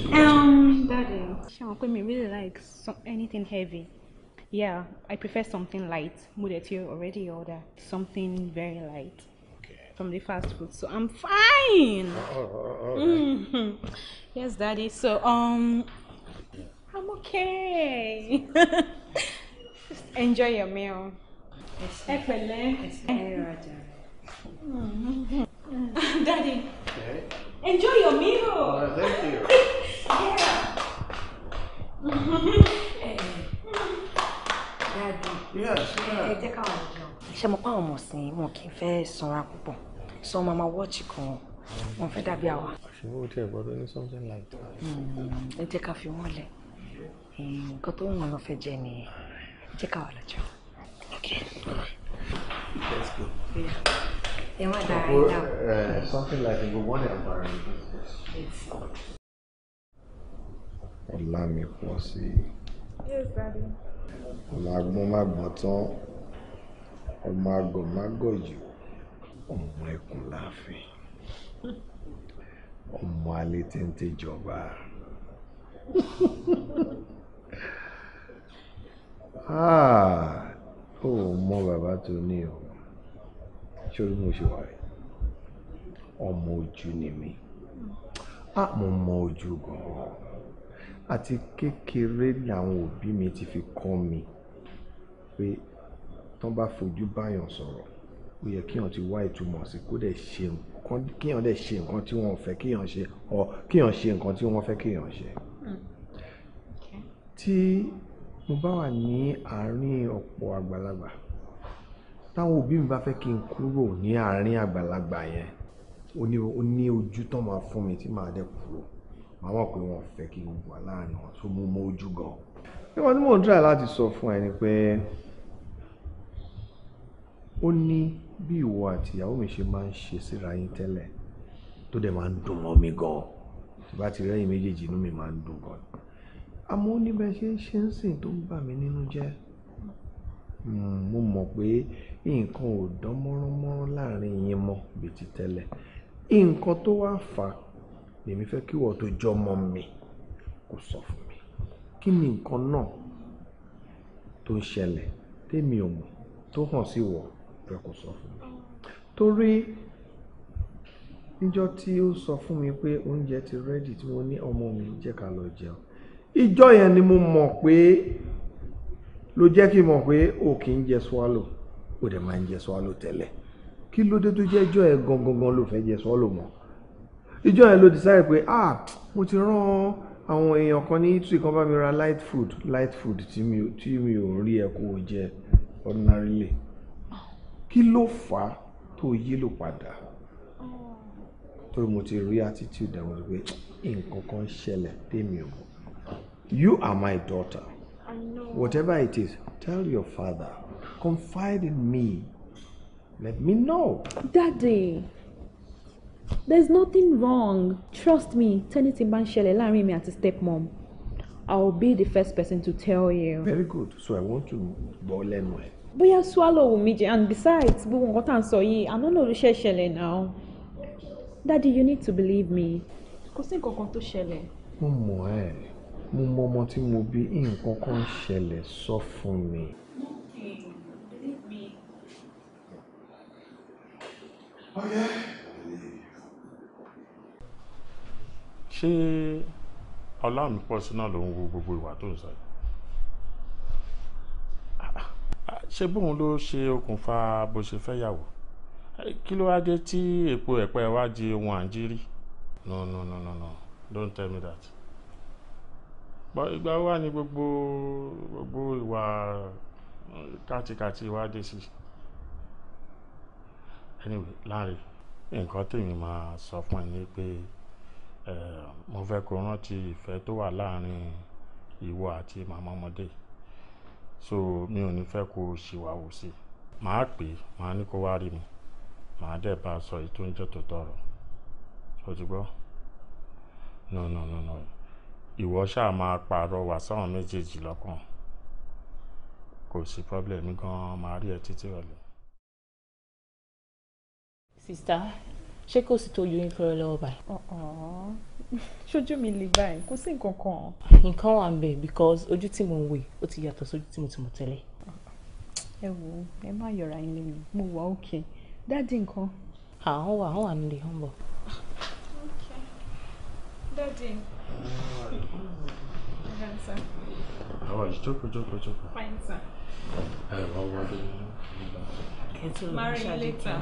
mi. Daddy, ṣé wọn pé mi really like some, anything heavy? Yeah, I prefer something light. Mo dẹ̀ ti already order something very light okay. from the fast food, so I'm fine. Oh, oh, mm -hmm. Yes, Daddy. So um, I'm okay. enjoy your meal. Ẹ mm-hmm. Daddy. Okay. Enjoy your meal. Uh, thank you. yeah. Daddy. Yes, ẹ jẹ́ káwọn jẹun. Ṣé mo pa àwọn ọmọ sí wọn kì í fẹ́ sanra púpọ̀? Sọ ma ma wọ́ọ̀chì kan wọn fẹ́ dàbí àwa. Ṣùgbọ́n o tiẹ̀ gbọ́dọ̀ ní something like that. Mm-hmm. Ẹ jẹ́ ká fi wọ́n lẹ̀. Nǹkan tó ń wọn lọ fẹ́ jẹ nìyẹn jẹ́ ká wà lọ́jọ́. okay all right let's go. ẹ something like a good morning environment. ọ̀la mi pọ̀ sí i. ọ̀la agbọ́n má gbọ́n tán ọmọ àgọ̀ má gọ̀ jù ọmọ ẹkùn láàfin ọmọ alẹ́ tẹ́ńtẹ́ jọba. Ah, ó mọ bàbá tó ní o sórí mo ṣe wà rẹ ọmọ ojú ni mi ah, mo mọ ojú gan àti kékeré làwọn òbí mi ti fi kọ́ mi pé tán bá fojú báyàn sọ̀rọ̀ ó yẹ kíyàn ti wá ìtumọ̀ sí kó dẹ̀ ṣe nǹkan kíyàn dẹ̀ ṣe nǹkan tí wọ́n fẹ́ kíyàn ṣe ọ kíyàn ṣe nǹkan tí wọ́n fẹ́ kíyàn ṣe. Mm. tí mo bá wà ní àárín ọ̀pọ̀ àgbàlagbà táwọn òbí mi bá fẹ́ kí n kúrò ní àárín àgbàlagbà yẹn ó ní ojú tán máa fún mi tí màá dẹ̀ kúrò màá mọ̀ pé wọ́n fẹ́ kí n wà láàrin wọn tó mú mọ ojú gan. nígbà tí mò ń try láti sọ fún ẹ ni pé ó ní bí ìwọ àti ìyàwó mi ṣe máa ń ṣe síra yín tẹ́lẹ̀ tó dẹ̀ máa ń dùn mọ́ mi gan tí bá ti rẹ́yìn méjèèjì inú mi máa ń dùn gan àmọ́ ó ní bẹ́ẹ̀ ṣe ń ṣe ń sìn tó ń bà mí nínú jẹ́ hmm, mo mọ̀ pé nǹkan ò dán mọ́ránmọ́rán láàrin yín mọ́ bíi ti tẹ́lẹ̀ nǹkan tó wá fà á lèmi fẹ́ kí wọ́n tó jọ ọmọ mi kó sọ fún mi kí ni nǹkan náà tó ń ṣẹlẹ̀ tèmi ò mọ̀ tó hàn sí wọ́ fẹ́ kó sọ fún mi torí níjọ́ tí ó sọ fún mi pé oúnjẹ ti rẹ́dì tí mo ní ọmọ mi jẹ́ ká lọ jẹun ìjọ yẹn ni mo mọ̀ pé ló jẹ́ kí n mọ̀ pé o kì í jẹ swallow o dẹ̀ máa ń jẹ swallow tẹ́lẹ̀ kí ló dé tó jẹ́ ìjọ yẹn gangan ló fẹ́ jẹ swallow mọ́ ìjọ yẹn ló decide pé ah mo ti rán àwọn èèyàn kan ní italy kan bá mi ra light food light food tí mi tí mi ò rí ẹ kó o jẹ ordinarily kí ló fà á tó yí lò padà torí mo ti rí attitude àwọn pé nǹkan kan ṣẹlẹ̀ tèmi ò mọ̀. You are my daughter. I know. Whatever it is, tell your father. Confide in me. Let me know. Daddy, there's nothing wrong. Trust me, tẹ́nití bá ń ṣẹlẹ̀ láàrin mi àti stepmom. I'll be the first person to tell you. Very good. So I want to gbọ́ lẹ́nu But you swallow me, and besides, gbogbo nǹkan tá à ń sọ yìí, àná náà ló Daddy, you need to believe me. Kò sí nǹkan to tó Oh my mo mọ ọmọ tí mo bí nǹkan kan ṣẹlẹ̀ sọ fún mi. ṣé ọlọ́run pọ̀ sí náà ló ń wo gbogbo ìwà tó ń sọ yìí ṣé bóun ló ṣe okùnfà bó ṣe fẹ́ yàwó kí ló wá dé tí èpo ẹ̀pẹ́ wá di ohun àǹjírí no no no no no don't tell me that ìgbà wo wà ní gbogbo gbogbo ìwà kàtìkàtì wa dé sí anyway Lanre nǹkan tèmi máa sọ fún ẹ ni pé mo fẹ́ kó rántí ìfẹ́ tó wà láàrin ìwọ àti màmá ọmọdé so mi ò ní fẹ́ kó ṣìwàwò sí i màá pè é màá ní kó wá rí mi màá dẹ̀ bá a sọ èyí tó ń jẹ́ tòótọ́ rọ̀ ṣòtúgbọ́ no no no no. no ìwọ ṣáà máa pàrọwà sáwọn méjèèjì lọ́kàn kò sí pọ́blẹ̀mù gan-an máa rí ẹ títí ọ̀lẹ́. sista ṣé kò sí tó yún ìfọ̀rọ̀ lọ́wọ́ báyìí. Uh-uh. ṣojú mi lè báyìí kò sí nǹkan kan. nǹkan wà ń bẹ̀ because ojú tí mo ń wè ó ti yàtọ̀ sójú tí mo ti mọ̀ tẹ́lẹ̀. ẹ wo ẹ má yọra yín lẹ́nu mo wà òkè dáàdi nǹkan. àwọn ah, wà àwọn wà nílé wọn bọ. dáàdi nǹkan. Àwọn ìjókòó jókòó jókòó. Fine sir. Ẹ wá wọlé. Marry later.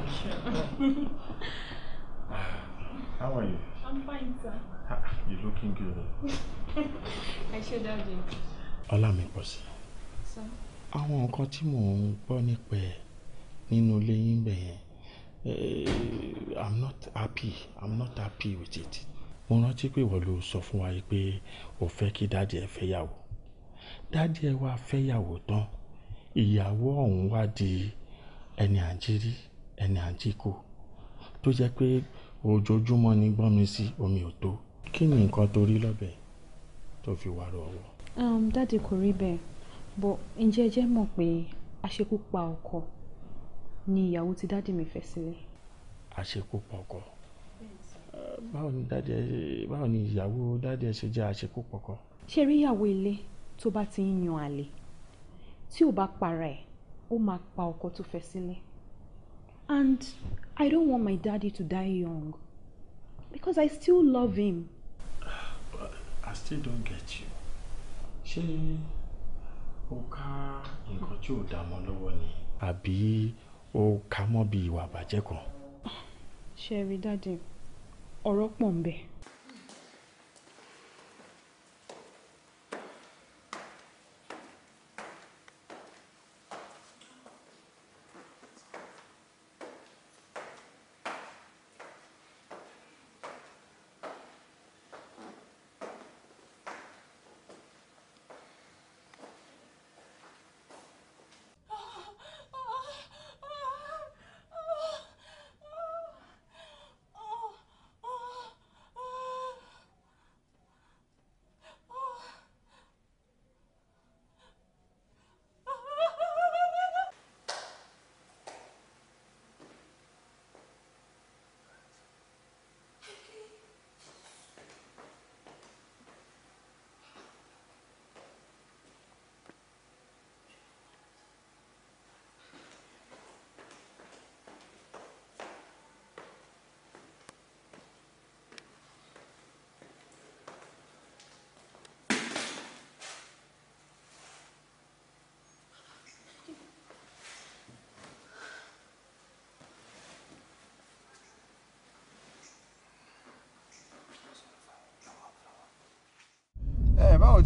How are you? I'm fine sir. You're looking good. I should have been. Ọlá mi pọ̀ sí. Àwọn nǹkan tí mò ń gbọ́ nípa ẹ̀ nínú ilé yín bẹ̀yẹn eh, I'm not happy I'm not happy with it mo rántí pé ìwọ ló sọ fún wa yìí pé o fẹ́ kí dáàdì ẹ fẹ́yàwó dáàdì ẹ wá fẹ́yàwó tán ìyàwó ọ̀hún wá di ẹni à ń jírí ẹni à tó jẹ́ pé ojoojúmọ́ ni gbọ́n mi sí omi ò tó kí ni nǹkan tó rí lọ́bẹ̀ tó fi wà lọ́wọ́. Uhm, dáàdì kò rí bẹ́ẹ̀ bọ̀ ǹjẹ́ ẹ jẹ́ mọ̀ pé àṣekúpa ọkọ ni ìyàwó tí dáàdì mi fẹ́ sílẹ̀. àṣekúpa ọkọ báwo ni dáadé báwo ni ìyàwó dáadé ṣe jẹ́ àṣekúpọ̀ kan. ṣe rí ìyàwó ilé tó bá ti ń yan àlè tí ò bá para ẹ̀ ó máa pa ọkọ tó fẹ́ sílẹ̀ and I don't want my daddy to die young because I still love him. I still don't get you ṣé o ká nǹkan tí ò dá mọ́ lọ́wọ́ ni. àbí o kà mọ́ bí ìwà àbàjẹ́ kan. ṣe rí dáadé ọ̀rọ̀ pọ̀ ń bẹ.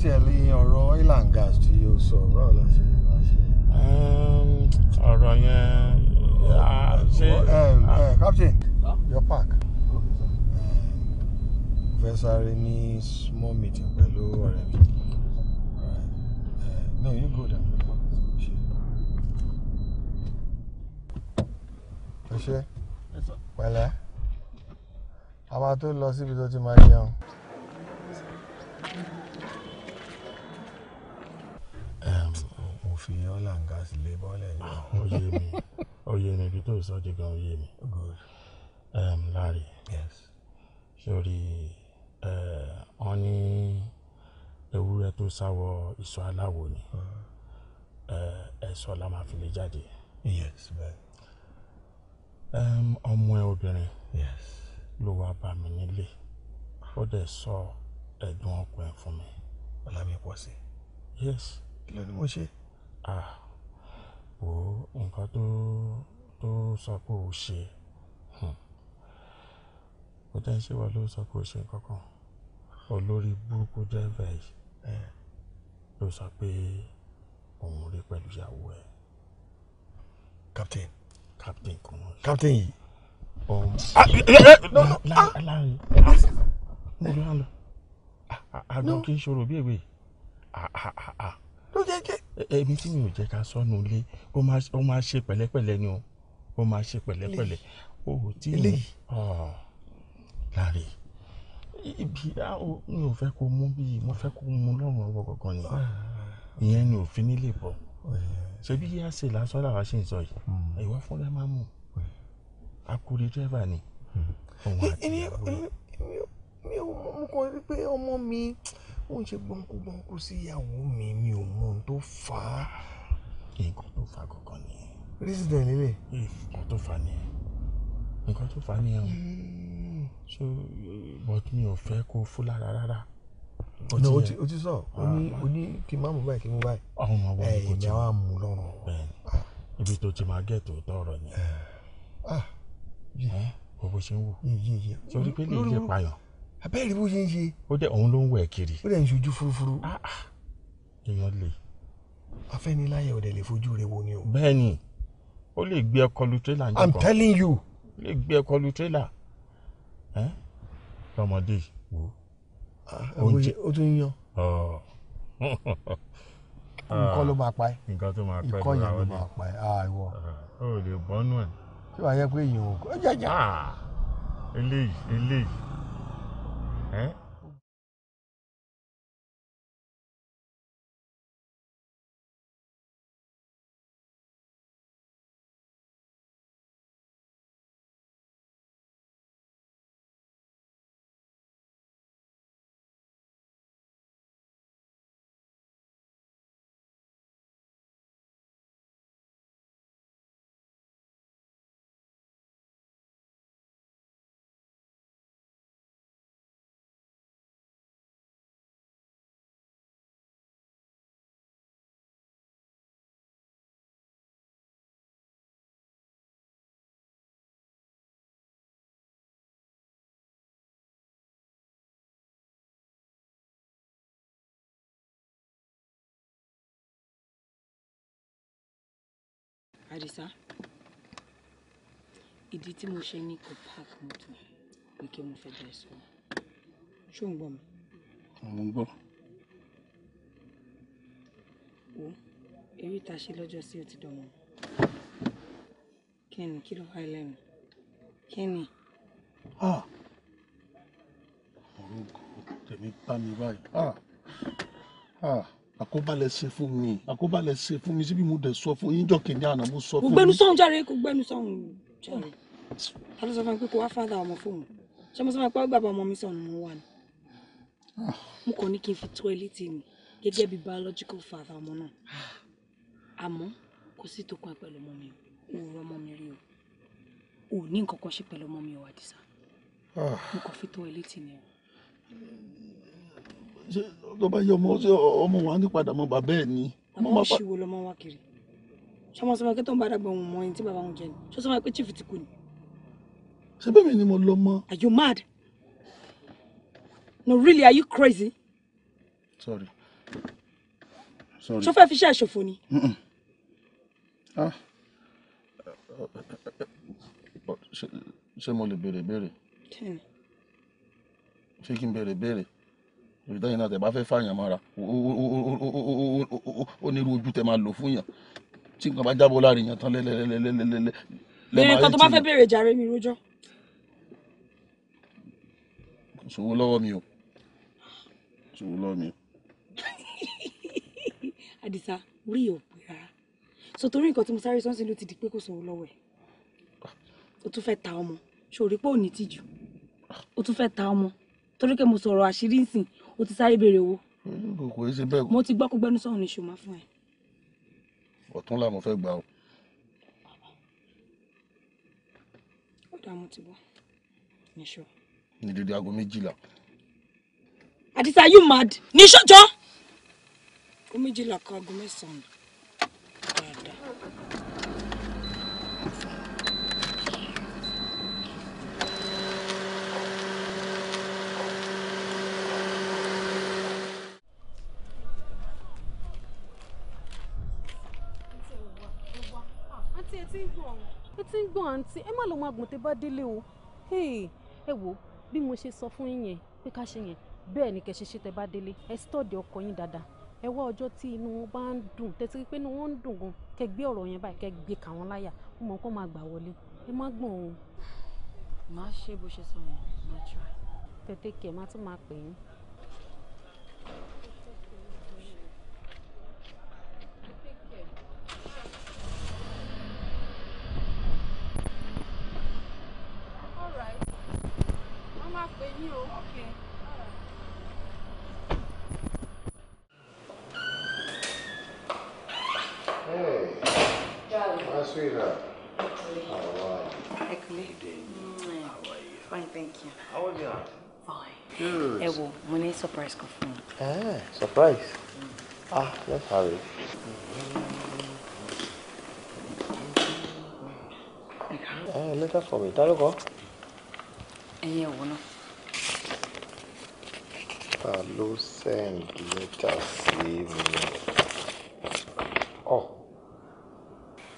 tiẹ̀ lè ọ̀rọ̀ oil and gas tí o sọ báwo la ṣe máa ṣe. ọ̀rọ̀ yẹn ṣe. captain your park fẹsàrí ní small meeting pẹ̀lú ọ̀rẹ́ mi. no you go down. ẹ ṣe pẹ̀lẹ́ a máa tó lọ síbi tó ti máa jẹun. sọ jẹ gan oyè mi ehm, láàrin sórí eh, wọn ní ewúrẹ́ tó sáwọ ìsọ̀ aláwo ni ah. eh, ẹ̀ṣọ́ la máa fi lè jáde ehm, ọmọ ẹ obìnrin ló wá bá mi nílé ó dẹ̀ sọ ẹ̀dùn ọkàn ẹ̀ fún mi. ọ̀làmì pọ̀ sí. yes. kí ló ní mo ṣe. ah wo nǹkan Tó ló sọ pé o ṣe. Hmm. Kò dá iṣẹ́ wa ló sọ pé o ṣe nǹkan Olórí burúkú driver yìí ló sọ pé òun rí pẹ̀lú ìyàwó ẹ̀. Captain. Captain kan. Captain yìí. Òun. Ah, eh, eh, eh, Láàrin. Ah. Mo lọ lọ. Ah, Àgbọn kì í ṣòro bí èwe. Ló jẹ́ jẹ́. Èmi tí mi ò jẹ́ ká sọ́nu ilé, ó máa ṣe pẹ̀lẹ́pẹ̀lẹ́ ni o ó máa ṣe pẹ̀lẹ́pẹ̀lẹ́ o ò tí ì láre ibi mi ò fẹ́ kó mú bíi mo fẹ́ kó mú lọ́rùn ọwọ́ gangan ni ah. ìyẹn ni òfin nílé bọ̀ eh. ṣé bí yíyá ṣe lásán làwa ṣe ń sọ yìí hmm. ìwọ fúnra máa mú eh. akure dírẹ́fà ni hmm. òun àti ìyàwó mi ò mọ kàn rí pé ọmọ mi ó ń ṣe gbọ̀nkú gbọ̀nkú sí ìyàwó mi mi ò mọ ohun tó fà á. nǹkan tó fà gangan nìyẹn resident nílẹ̀. Hmm, nǹkan tó fà ní nǹkan tó fà ní ẹ̀ so but mi ò fẹ́ kó fúlà rárá. no o ti o ti sọ o ní o ah, ní kí n má mú báyìí kí n mú báyìí. àwọn ọmọ wọn kò tí ẹ wá mú lọ́rùn. bẹ́ẹ̀ni ah. ibi tó ti máa gẹ̀ tó tọrọ ni. Eh. Ah. bó ṣe ń wò sórí pé lè yé payàn. abẹ́rẹ́ bó ṣe ń ṣe. ó dẹ òun ló ń wẹ̀ kiri. ó dẹ̀ ń ṣojú furufuru. èèyàn lè. afẹ́niláyẹ̀ ò dẹ̀ lè fojú rẹ̀ wo ni o. bẹ́ẹ̀ni ó lè gbé ẹ kọlu trailer njọkan i'm telling you ó lè gbé ẹ kọlu trailer ẹ ọmọdé wo oúnjẹ ah, ó tún yan nǹkan ló máa pa ẹ ah, nǹkan tó máa pa ẹ nǹkan yẹn ló máa pa ẹ ah ìwọ ah, ó lè bọ́nú ẹ tí wàá yẹ pé èèyàn ò kọ́ ẹ jẹjẹ eléyìí eléyìí ẹ. Àdìsá ìdí tí mo ṣe ní kò park mọ́tò pé kí mo fẹ́ bẹ̀rẹ̀ sọ ṣó ń gbọ́ mi. mo ń gbọ́. wo èyí tá a ṣe lọ́jọ́ sí òtí dọ̀mọ́ kí ni kí ló wá lẹ́nu kí ni. ọ̀rọ̀ ògùn tèmi bá mi báyìí. Ah! Ah! àkóbálẹ̀ ṣe fún mi àkóbálẹ̀ ṣe fún mi síbi mo dẹ̀ sọ fún yín jọ kìíní àná mo sọ fún mi. kò gbẹnu sọ̀hún járe kò gbẹnu sọ̀hún járe ta fún mi pé kò wá fáadà ọmọ fóun ṣé mo sọ fún mi pé bàbá ọmọ mi sọ̀nù mo wà ní. mo kàn ní kí n fi tó ẹ mi gẹ́gẹ́ bí biological father ọmọ náà àmọ́ kò sí tó kan pẹ̀lú ọmọ mi o ò ọmọ mi rí o ò ní nǹkan kan ṣe pẹ̀lú ọmọ mi o Àdìsá ah. mo kàn fi tó ẹ létí o ṣé tó bá yẹ ọmọ ṣé ọmọ wa ní padà mọ bàbá ẹ ni. ọmọ wa ṣìwò lọmọ wa kiri ṣọmọ sọmọ kí tó ń bá dàgbà òun mọ ẹni tí bàbá òun jẹ ni ṣọsọmọ pé chief ti kú ni. ṣé bẹ́ẹ̀ mi ni mo lọ mọ. are you mad? no really are you crazy? sorry sorry. ṣó fẹ́ fi ṣe àṣòfò ni. Ah. ṣé mo lè béèrè béèrè? ṣé kí n béèrè béèrè? ìtẹ́yìn náà tẹ̀ bá fẹ́ fàyàn mọ́ra ó ní irú ojú tẹ máa lò fún yàn tí nǹkan bá jábọ́ láàrin yàn tán lẹ́lẹ́lẹ́lẹ́lẹ́lẹ́. bèrè nǹkan tó bá fẹ́ bèrè jàre mi rojọ́. ṣòwò lọ́wọ́ mi o ṣòwò lọ́wọ́ mi o. Àdìsá rí ò pé rárá so torí nǹkan tí mo sáré sọ́nsìn ló ti di pé kò sówó lọ́wọ́ ẹ̀ o tún fẹ́ ta ọmọ ṣòrí pé ò ní tìjú o tún fẹ́ ta ọmọ torí pé mo sọ̀rọ̀ àṣírí nsìn o ti sáré béèrè owó. kò ṣe bẹ́ẹ̀ o. mo ti gbọ́ kó gbẹ́nu sọ̀rọ̀ ní ṣùgbọ́n fún ẹ. ọ̀tún làwọn fẹ́ gbà o. ó dàá ti bọ́ níṣọ. ní dídí aago méjìlá. àdìsá you mad níṣọ jọ. ó méjìlá kan aago mẹ́sàn-án. àǹtí ẹ má lọ máa gùn tẹ́ bá délé o ẹ wo bí mo ṣe sọ fún yín yẹn pé ká ṣe yẹn bẹ́ẹ̀ ni kẹ̀ṣe ṣe tẹ́ bá délé ẹ stọ́ọ̀dì ọkọ yín dáadáa ẹ wá ọjọ́ tí inú wọn bá ń dùn tẹ́tí pé inú wọn ń dùn gan kẹ́ ọ̀rọ̀ yẹn báyìí kẹ́ kà wọ́n láyà ó mọ̀ kó máa gbà wọlé ẹ má gbọ̀n o. má ṣe bó ṣe sọ yẹn má try. tètè kẹ̀ má tún máa pè yín. Hey. Darling. My sweetheart. How are you? Mm. How are you? Fine, thank you. How was your aunt? Fine. Good. Hey, well, we surprise coffee. Ah, surprise? Mm. Ah, let's have it. Ah, let us for me. Tá louco? Ẹ̀yin ẹ̀wọ̀ náà. Salucent, let us see Oh.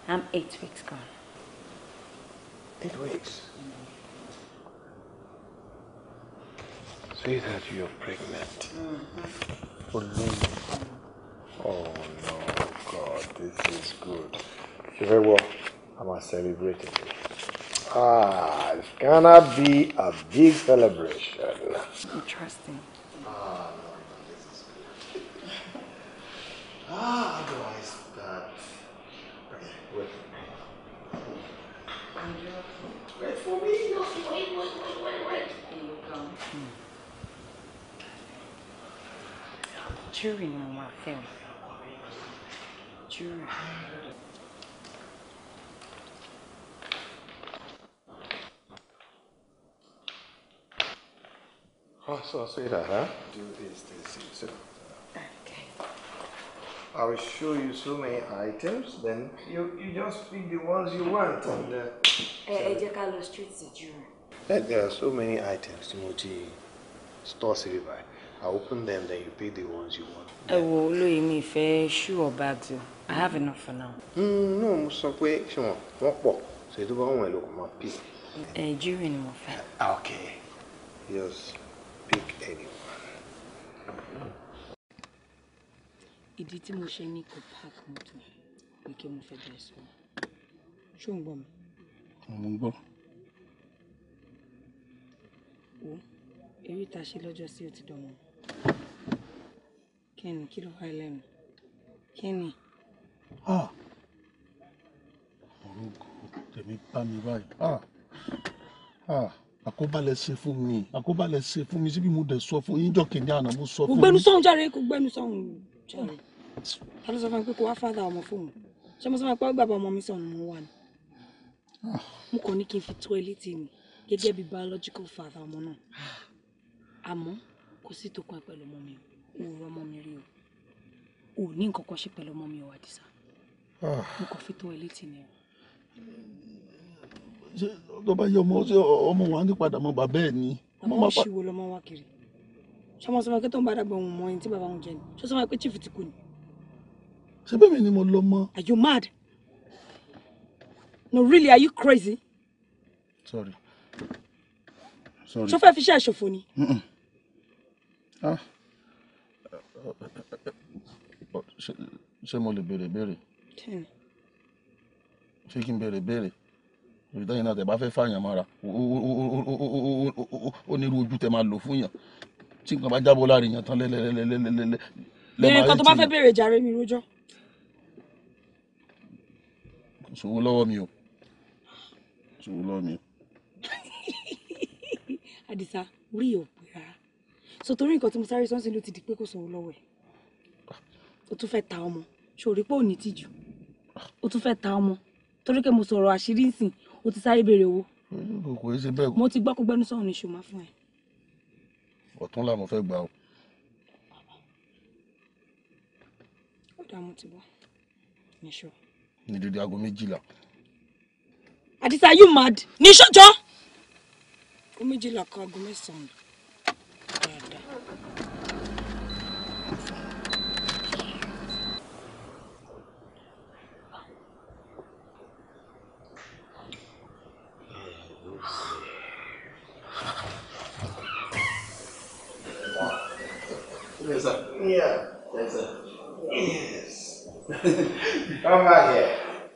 I'm eight weeks gone. Eight weeks? Mm. Say that you're pregnant. Mm -hmm. Oh, no. Oh, no, God, this is good. You're very well. I'm celebrating it. Ah, it's gonna be a big celebration. Interesting. Turin mo máa fẹ́ o Turin. Oh, so sweetheart, huh? Do this, this, this. Okay. I will show you so many items, then you, you just pick the ones you want and... Uh, hey, hey, Jekalo, street is a jury. There are so many items, Timothy, stores everywhere. I open them, then you pick the ones you want. Ẹ wo olóyè mi ìfẹ́ ṣú ọba jù. I have enough for now. Hmm, no, mo sọ pé ṣùgbọ́n wọ́n pọ̀ ṣe tó bá wọn ẹ̀ ló kò máa pick. Eh, jírí ni mo fẹ́. Ah, okay, just pick anyone. Iditi mo ṣe ní kò park mọ́tò ni kí mo fe bẹ̀rẹ̀ sọ. Ṣé o ń gbọ́ mi? Mo ń gbọ́. Wo, eré ta ṣe kí ni kí ló wá lẹ́nu kí ni. òrùkọ tèmi bá mi báyìí ah! Ah! àkóbálẹ̀ ṣe fún mi àkóbálẹ̀ ṣe fún mi síbi mo dẹ̀ sọ fún yín jọ kìnìún àná mo sọ fún mi. kò gbẹnu sọ̀hún járe kò gbẹnu sọ̀hún járe ta ló sọ fún mi pé kò wá fàdà ọmọ fóun ṣé mo sọ fún mi pé ó ọmọ mi sọ̀hún mo wà ní. Ah! mo kàn ní kí n fi tó ẹ mi gẹ́gẹ́ bí biological father ọmọ náà àmọ́ kò sí tó kún pẹ̀lú ọmọ mi o ò rọmọ mi rí o ò ní nǹkan kan ṣe pẹ̀lú ọmọ mi ò Àdìsá ah. mo kàn fi tó ẹ létí ni o. ṣé tó bá yẹ ọmọ ṣé ọmọ wa ní padà mọ bàbá ẹ ni. àwọn òṣìwò lọmọ wa kiri ṣọmọ sọmọ kí tó ń bá dàgbà òun mọ ẹni tí bàbá òun jẹ ni ṣọ sọmọ pé chief ti kú ni. ṣé bẹ́ẹ̀ ni mo lọ mọ́. are you mad? no really are you crazy? sorry sorry. ṣọ fẹ́ fi ṣe àṣòfò ni. ah ṣé mo lè béèrè béèrè ṣé kí n béèrè béèrè ìrìtẹ́yìn náà tẹ̀ bá fẹ́ fàyàn mọ́ra ó ní irú ojú tẹ máa lò fún yàn tí nǹkan bá jábọ́ láàrin yàn tán lẹ́lẹ́lẹ́lẹ́lẹ́lẹ́ lẹ́ẹ̀ma kan tó bá fẹ́ béèrè jàre mi rojọ́. ṣòwò lọ́wọ́ mi o ṣòwò lọ́wọ́ mi o. Àdìsá rí o so torí nǹkan tí mo sáré sọ́nsìn ló ti di pé kò sanwó lọ́wọ́ ẹ̀ o tún fẹ́ ta ọmọ ṣòrí pé ò ní tìjú o tún fẹ́ ta ọmọ torí pé mo sọ̀rọ̀ àṣírí nsìn o ti sáré béèrè owó. kò í ṣe bẹ́ẹ̀. mo ti gbọ́ kó gbẹ́nu sọ̀rọ̀ ní ṣùgbọ́n fún ẹ. ọ̀tún làwọn fẹ́ gbà o. ó dààmú ti bọ́ níṣọ́. ní dídí aago méjìlá. àdìsá you mad níṣọ́jọ́. aago méjìlá kan aago mẹ́sàn-án.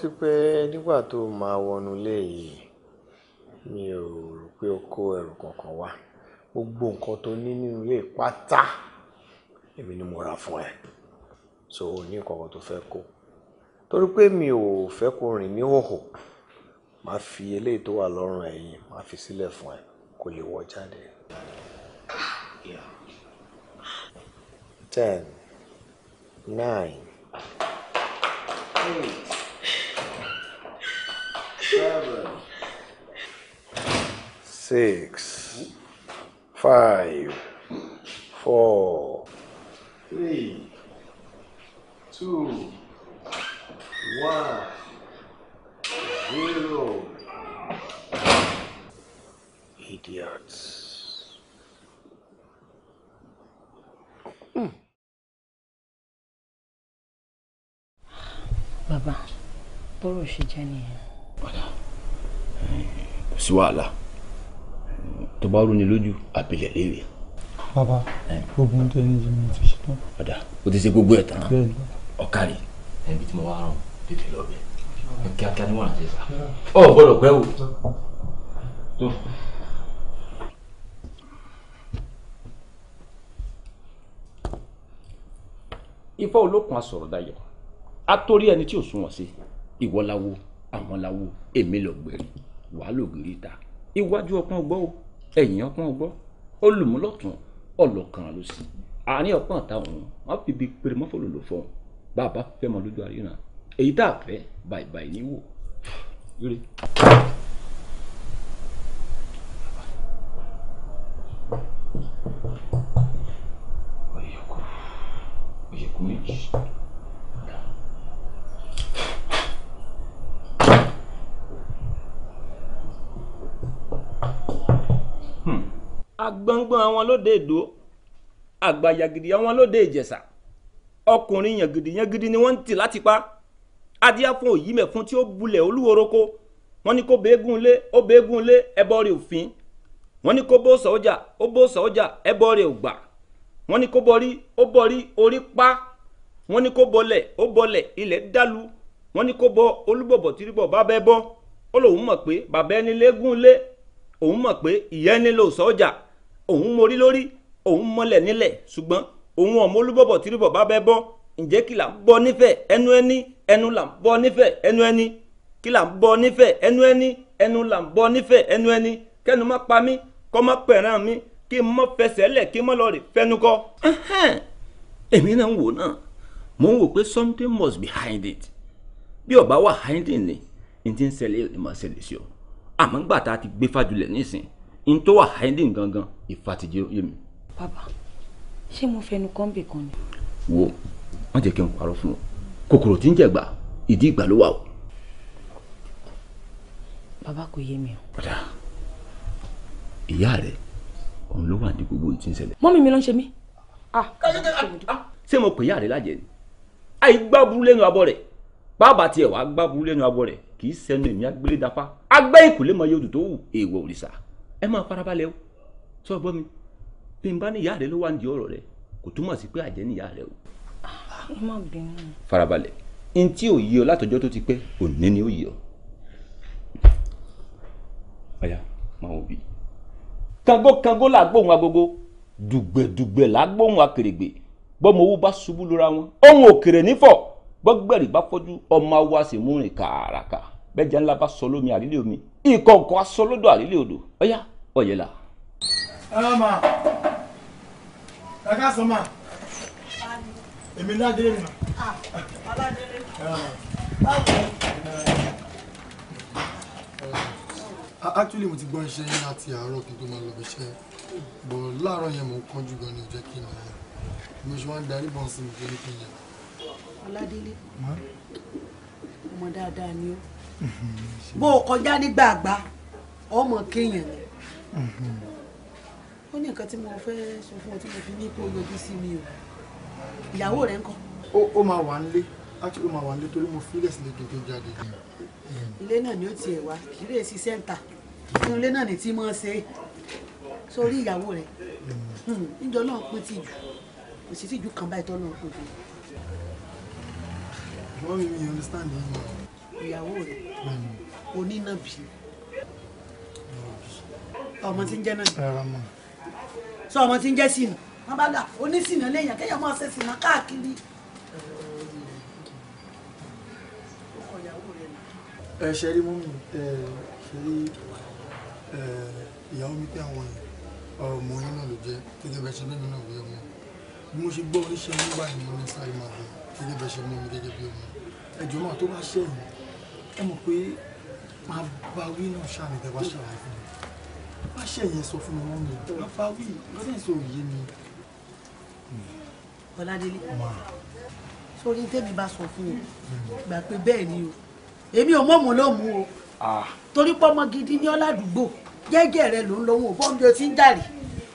rántí pé nígbà tó máa wọnú ilé yìí mi ò rò pé o kó ẹrù kankan wá gbogbo nǹkan tó ní nínú ilé pátá èmi ni mo rà fún ẹ so o ní kankan tó fẹ́ kó torí pé mi ò fẹ́ kó rìn ní hòhò máa fi eléyìí tó wà lọ́rùn ẹ̀yìn máa fi sílẹ̀ fún ẹ kó lè wọ jáde. ten nine. eight. Seven. Six. Five. Four. Three. Two. One. Zero. Idiots. Mm. Baba, bọ́rọ̀ ṣe jẹ́ kò sí wàhálà tó bá rúni lójú àpilẹ̀ léèrè. bàbá gbogbo ohun tó ní yìí mi ti ṣe tán. ọ̀dà o ti ṣe gbogbo ẹ̀ tán ọ̀kàrí ẹ̀mí tí mo wá rán tètè lọ bẹ̀ kíákíá ni wọ́n á ṣe sá ọ̀ gbọ́dọ̀ pẹ́ o. ifá olókun asọ̀rọ̀ a torí ẹni tí ò sunwọ̀n sí ìwọ láwo àwọn láwo èmi lọ gbẹ̀rì wàá lògiri ta iwájú ọpọ́n gbọ́ o ẹ̀yìn ọpọ́n gbọ́ olùmúlọ̀tún ọlọ́kan ló sì àárín ọpọ́n àtàwọn wọn fi bi pèrè mọ́fòlò lò fọ́ bàbá fẹ́ mọ lójú ayé náà èyí tá a fẹ́ báyìí báyìí ní wò yúre. Thank you. agbọ́ngbọ́n àwọn lóde èdò àgbàyàgìdì àwọn lóde ìjẹ̀ṣà ọkùnrin yàngìdì yàngìdì ni wọ́n ń tì láti pa adíá fún òyìnbẹ̀ fún tí ó bulẹ̀ olúworoko wọ́n ní kó beegun lé ó beegun lé ẹbọ rẹ̀ òfin wọ́n ní kó bó sọ́jà ó bó sọ́jà ẹbọ rẹ̀ ògbà wọ́n ní kó bọrí ó bọrí orí pa wọ́n ní kó bọlẹ̀ ó bọlẹ̀ ilẹ̀ dálu wọ́n ní kó bọ olúbọ̀bọ̀ tìrìbọ̀ bá bọ́ ó lòun mọ̀ pé bàbá ẹni lé gún òun mọ̀ pé ìyá ẹni lò sọ́jà òun morí lórí òun mọ́lẹ̀ nílẹ̀ ṣùgbọ́n òun ọ̀mọ́ olúbọ̀bọ̀ tìrúbọ̀ bá bẹ́ bọ́ ǹjẹ́ kí là ń bọ́ nífẹ̀ẹ́ ẹnu ẹni ẹnu là ń bọ́ nífẹ̀ẹ́ ẹnu ẹni kí là ń bọ́ nífẹ̀ẹ́ ẹnu ẹni ẹnu là ń bọ́ nífẹ̀ẹ́ ẹnu ẹni kẹ́nu má pa mí kọ́ má pẹ̀ràn mi kí n mọ́ fẹsẹ̀ lẹ̀ kí n mọ́ lọ rè fẹ́nu kọ́. èmi náà ń wò náà mò ń wò pé something must be behind it bí ọba wà behind it ni n ti ń ṣẹlẹ̀ ìmọ̀ ṣẹlẹ̀ sí ọ àmọ́ gbà tá a ti gbé fàjùlẹ̀ nísìnyí n tó wà hiding gangan ìfatijé yé mi. bàbá mo fẹnu kan bì kan ni. wo wọn jẹ kí n parọ́ fún ọ kòkòrò tí ń jẹgbà ìdí ìgbà ló wà o. bàbá kò yé mi o. padà ìyá rẹ òun ló wà ní gbogbo ohun tí ń ṣẹlẹ̀. mọ́mí mi ló ń ṣe mí. Ah, ṣé mo pè ìyá rẹ lájẹ ni àìgbàburú lẹ́nu abọ́ rẹ̀ bàbá tiẹ̀ wàá gbàburú lẹ́nu abọ́ rẹ̀ kì í sẹ́nu èmi agbélé dapá agbẹ́ ìkùlé mọ yodù tó wù èèwọ̀ òrìṣà ẹ máa farabalẹ̀ o sọ gbọ́ mi bí n bá ní ìyá rẹ ló wà ní ọ̀rọ̀ rẹ kò túmọ̀ sí pé àjẹ́ ní ìyá rẹ o. ẹ má bínú. farabalẹ̀ n tí ò yí ọ látọjọ́ tó ti pẹ́ òní ni ó yí ọ. ọ̀yà máa wò bí. kangokango là gbóhùn agogo dùgbẹ̀dùgbẹ̀ là gbóhùn akèrègbè bọ́mọ owó bá ṣubú lóra wọn ohun òkèrè nífọ̀ gbọ́gbẹ̀rì bá fọ́jú ọmọ awo àṣemúrin kàràkà bẹ́ẹ̀ jẹ́ ńlá bá sọ lómi àrílé omi ìkọ̀ǹkọ̀ aṣọ lódò àrílé odò ọ̀yá ọ̀yẹ̀là. ẹ lọ mà ẹ ká sọ mà èmi ládélé nù. ọládélé actually mo ti gbọ́ iṣẹ́ yín láti àárọ̀ kí n tó máa lọ bí iṣẹ́ bọ̀ láàárọ̀ yẹn mò ń kánjú gan ni ò jẹ́ kí n lọ mo ṣe wá ń darí bọ́n sí mi kí n yẹ. ọládélé ọmọ dáadáa ni ó Mm-hmm. bó o kọjá nígbà àgbà ọmọ kéèyàn ni ó ní nǹkan tí mo fẹ́ sọ fún ọ tí mo fi ní kó yọjú sí mi o ìyàwó rẹ ń kọ́. ó máa wà nílé láti ó máa wà nílé torí mo fílẹ̀ sílé tuntun jáde. ilé náà ni ó tiẹ̀ wá kì í lè sí sẹ́ńtà inú ilé náà ni tí mo ṣe é sórí ìyàwó rẹ hmm. níjọ náà pín tìjú kò sí tìjú kan báyìí tó náà pín tìjú. wọ́n mi mi understand yìí ìyàwó rẹ̀ hmm. onínàbí hmm. ọmọ tí ń jẹ́ náà sọ ọmọ tí ń jẹ́ sínú wọn bá gbà onísìnà léèyàn kéèyàn máa ṣe sìnà káàkiri. ẹ ṣe rí mọ́mí ẹ ṣe rí ìyàwó mi pé àwọn ọmọ yín náà ló jẹ́ gẹ́gẹ́ bẹ́ẹ̀ ṣe mímu náà bí ọmọ bí mo ṣe gbọ́ oníṣẹ́ nígbà yìí mo ní sáré máa bọ̀ gẹ́gẹ́ bẹ́ẹ̀ ṣe mímu gẹ́gẹ́ bí ọmọ ẹ̀jọ̀ máa tó bá ṣẹ̀yìn ẹ mọ̀ pé máa bá wí náà ṣàmì tẹ́ bá ṣàlàyé fún mi má ṣe yẹn sọ fún mi wọ́n mi má bá wí lọ́dẹ̀ sọ òye mi. Hmm. ọ̀làdélé sórí tẹ́mi bá sọ fún o hmm. gbà pé bẹ́ẹ̀ ni o èmi ò mọ̀mọ́ ló mú o torí pọ́mọ gidi ní ọ̀làdúgbò jẹ́gẹ́ rẹ ló ń lọ́wọ́ bọ́m̀bí o ti ń dàrí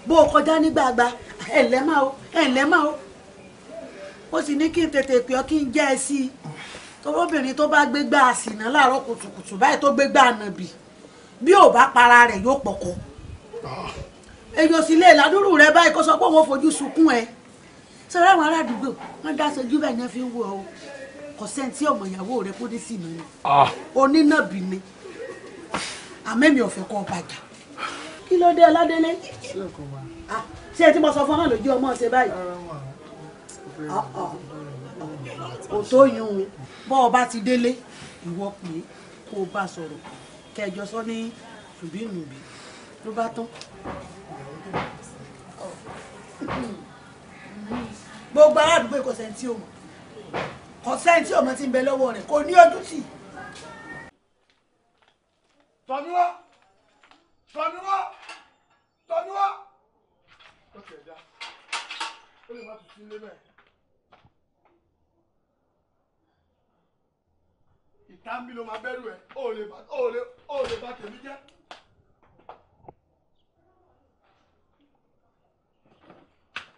bó o kọjá nígbàgbà ẹ̀ ǹlẹ́ máa o ẹ̀ ǹlẹ́ máa o ó sì ní kí n tètè pè ọ́ kí n jẹ́ ẹ sí i tọ́lọ́bìnrin tó bá gbégbá àsìná láàárọ̀ kùtùkùtù báyìí tó gbégbá ànàbì bí ò bá para rẹ̀ yóò pọ̀kọ́ èyí ò sì lè ládùúrù rẹ báyìí kó sọ pé òun fojú sunkún ẹ sọ̀rọ̀ àwọn aládùúgbò wọ́n dá sojú bẹ́ẹ̀ ni wọ́n fi ń wọ ọ kò sẹ́ńtì ọmọ ìyàwó rẹ kó dé sí mi ni ah. onínàbì ni àmẹ́mi ọ̀fẹ́ kọ́ bàjá kí ló dé ọládélé ah, ṣé ẹ ti mọ sọ fún ọ náà lójú ọmọ ọ̀sẹ̀ báyìí òtóyún un bọ́ ọ bá ti délé ìwọ pè é kó o bá sọ̀rọ̀ kẹjọ sọ ní ṣùbínùbí ló bá tán. gbogbo aládùúgbò kò sẹ́ni tí o mọ̀ kò sẹ́ni tí o mọ̀ ti ń bẹ lọ́wọ́ rẹ̀ kò ní ọdún tì. tọ́ni wá ó ti ẹ̀ dá ó lè má tutù ilé bẹ́ẹ̀. ìtàǹbì ló máa bẹ̀rù ẹ̀ ó lè bá ó lè ó lè bá tèmi jẹ́.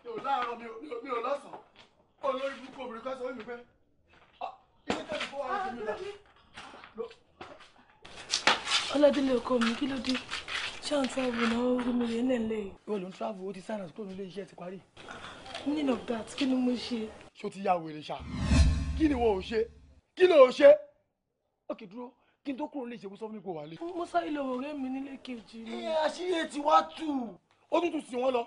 mi ò láàárọ̀ mi ò lọ́sàn-án olórí burúkú obìnrin kan sọ wí mi pé ah, ilé tẹ̀sí fún wa ló ti mi lọ. ọlọ́dúnlé ọkọ mi kí ló dé ṣé àwọn travel náà ó rí mi rè é lẹ́yìn. ìwọ ló ń travel ó ti sáyẹn àsìkò nílé iṣẹ́ ti parí. none of that kí ni mo ṣe. ṣó ti ya wèrè ṣá kí ni wọn ò ṣe kí ni ò ṣe òkè dúró kí n tó kúrò lè ṣèwé sọ fún mi kó wà lé. mo sáré lọ ọ̀rẹ́ mi nílé kejì ni. ẹ àṣírí ti wá tù. ó tún tún sìn wọ́n lọ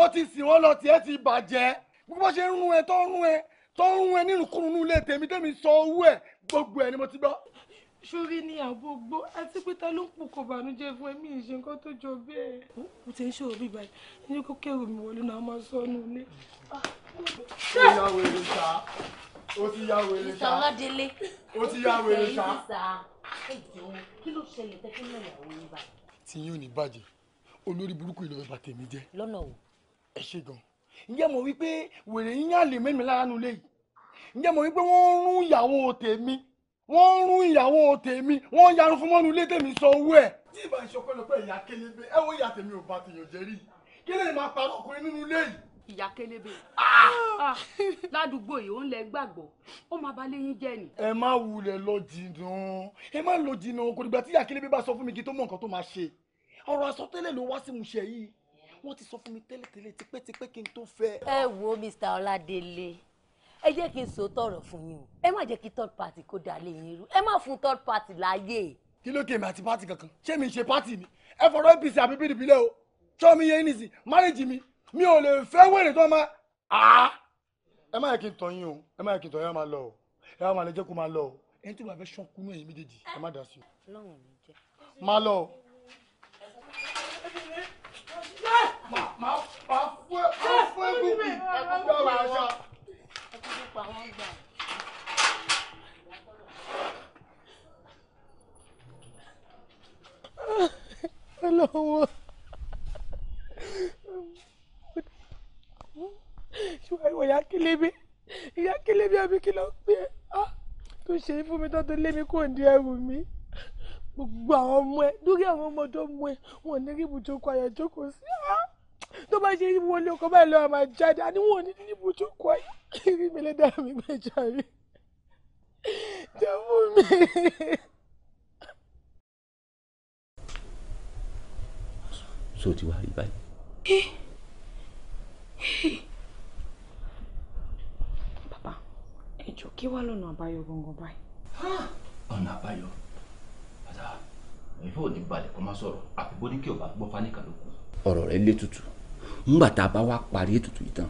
ó ti sìn wọ́n lọ tiẹ̀ ti bàjẹ́ gbogbo ṣe ń rún ẹ tó ń rún ẹ tó ń rún ẹ nínú kúrúnú ilé tèmi tèmi sọ owó ẹ gbogbo ẹ ni mo ti gbọ́. sórí ni àbò gbó àti pé ta ló ń pò kò bànújẹ́ fún ẹmí ìṣe nǹkan tó jọ bẹ́ẹ̀. mo ti ń ṣòro bíbá yìí ní kó o ti ya wèrè ṣá ìsọlọ́délé o ti ya wèrè ṣá. kí ló ṣẹlẹ̀ tẹ́kí náà ìyàwó yín bá. tí yín ní bàjẹ́ olórí burúkú ìlú bàbá tèmi jẹ́. lọ́nà o. ẹ ṣe gan ǹjẹ́ mo wí pé wèrè yín yà lè mẹ́mi lára nulẹ̀ yìí ǹjẹ́ mo wí pé wọ́n ń rún ìyàwó tèmi wọ́n ń rún ìyàwó tèmi wọ́n ń yarun fún mọ́nu ilé tèmi sọ owó ẹ̀. tí ìbá ìṣọkọ́ lọ ìyá kélébé ẹ wo ìyá tèmi ò bá tèèyàn jẹ́ kí lè máa parọ́ ọkùnrin nínú ilé yìí ìyá kélébé ah! Ah! ládùúgbò yìí ó ń lẹ gbàgbọ́ ó máa bá léyìn jẹ́ ni. ẹ má wulẹ̀ lọ jìnnà ẹ má lọ jìnnà kò dìgbà tí ìyá kélébé bá sọ fún mi kí tó mọ nǹkan tó máa ṣe ọ̀rọ̀ àsọtẹ́lẹ̀ ló wá sí musẹ̀ yìí wọ́n ti sọ fún mi tẹ́lẹ̀tẹ́lẹ̀ tipẹ́tipẹ́ kí n tó fẹ́. ẹ wo Mr. Ọládélé ẹ jẹ́ kí n sọ tọrọ fún yín o ẹ má jẹ́ kí third party kó dà lé yín rú ẹ má fún third party láàyè. kí ló kèmí àti pátì kankan ṣé mi ṣe pátì ni ẹ fọ̀rọ̀ APC àbí PDP lẹ́ o ṣọ́ mi yẹn nìsín márèjì mi mi ò lè fẹ́ wèrè tó máa ah! ẹ má yẹ kí n tọ́ yín o ẹ má yẹ kí n tọ́ yín ẹ má lọ o ẹ má lè jẹ́ kó má lọ o ẹni tí wàá fẹ́ sán kúnú ẹ̀yìn méjèèjì ẹ má dá sí o. má lọ o. Hello. kí ló pé ẹ ah, tó ṣe fún mi tọ́tọ́ lé mi kúrò ní ẹrù mi gbogbo àwọn ọmọ ẹ lórí àwọn ọmọ tó mú ẹ wọn ní rí ibùjókòó ayọ̀ jókòó sí á ah, tó bá ṣe wọlé ọkọ báyìí lọ́wọ́ máa jáde àníwọ̀n ní ní ibùjókòó ayọ̀ rí mi lẹ́dá mi gbẹ̀jà rí jẹ́ fún mi. so ti wá rí báyìí. kí wá lọ́nà àbáyọ gangan báyìí. Ah! ọ̀nà àbáyọ bàtà ìfọ òní balẹ̀ kó má sọ̀rọ̀ àbíbó ní kí o bá gbọ́ fáníkà ló kù. ọ̀rọ̀ rẹ lé tutù ńgbà tá a bá wá parí ètùtù yìí tán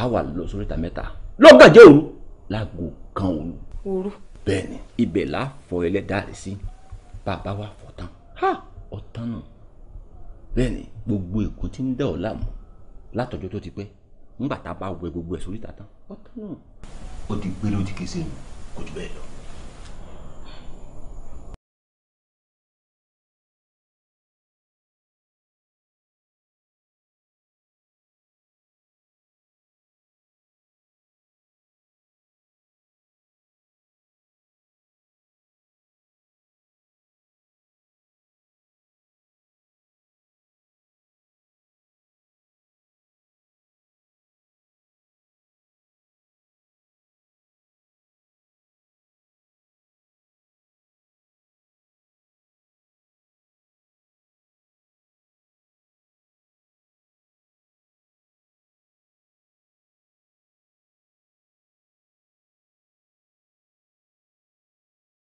a wà lọ sórí ìta mẹ́ta lọ́gàjẹ́ òru láago kan òru. òru. bẹ́ẹ̀ni ibẹ̀ là á fọ ẹlẹ́dàá rẹ̀ sí bàbá wa fọ̀ tán ọ̀tán náà bẹ́ẹ̀ni gbogbo èkó ti ń dẹ̀ ọ́ láàmú látọjọ́ tó ti pẹ́ nígbà tá a bá wẹ gbogbo ẹ̀ sórí tàtàn ọ̀tún náà. ó ti gbé ló ti kése nù jù bẹ́ẹ̀ lọ.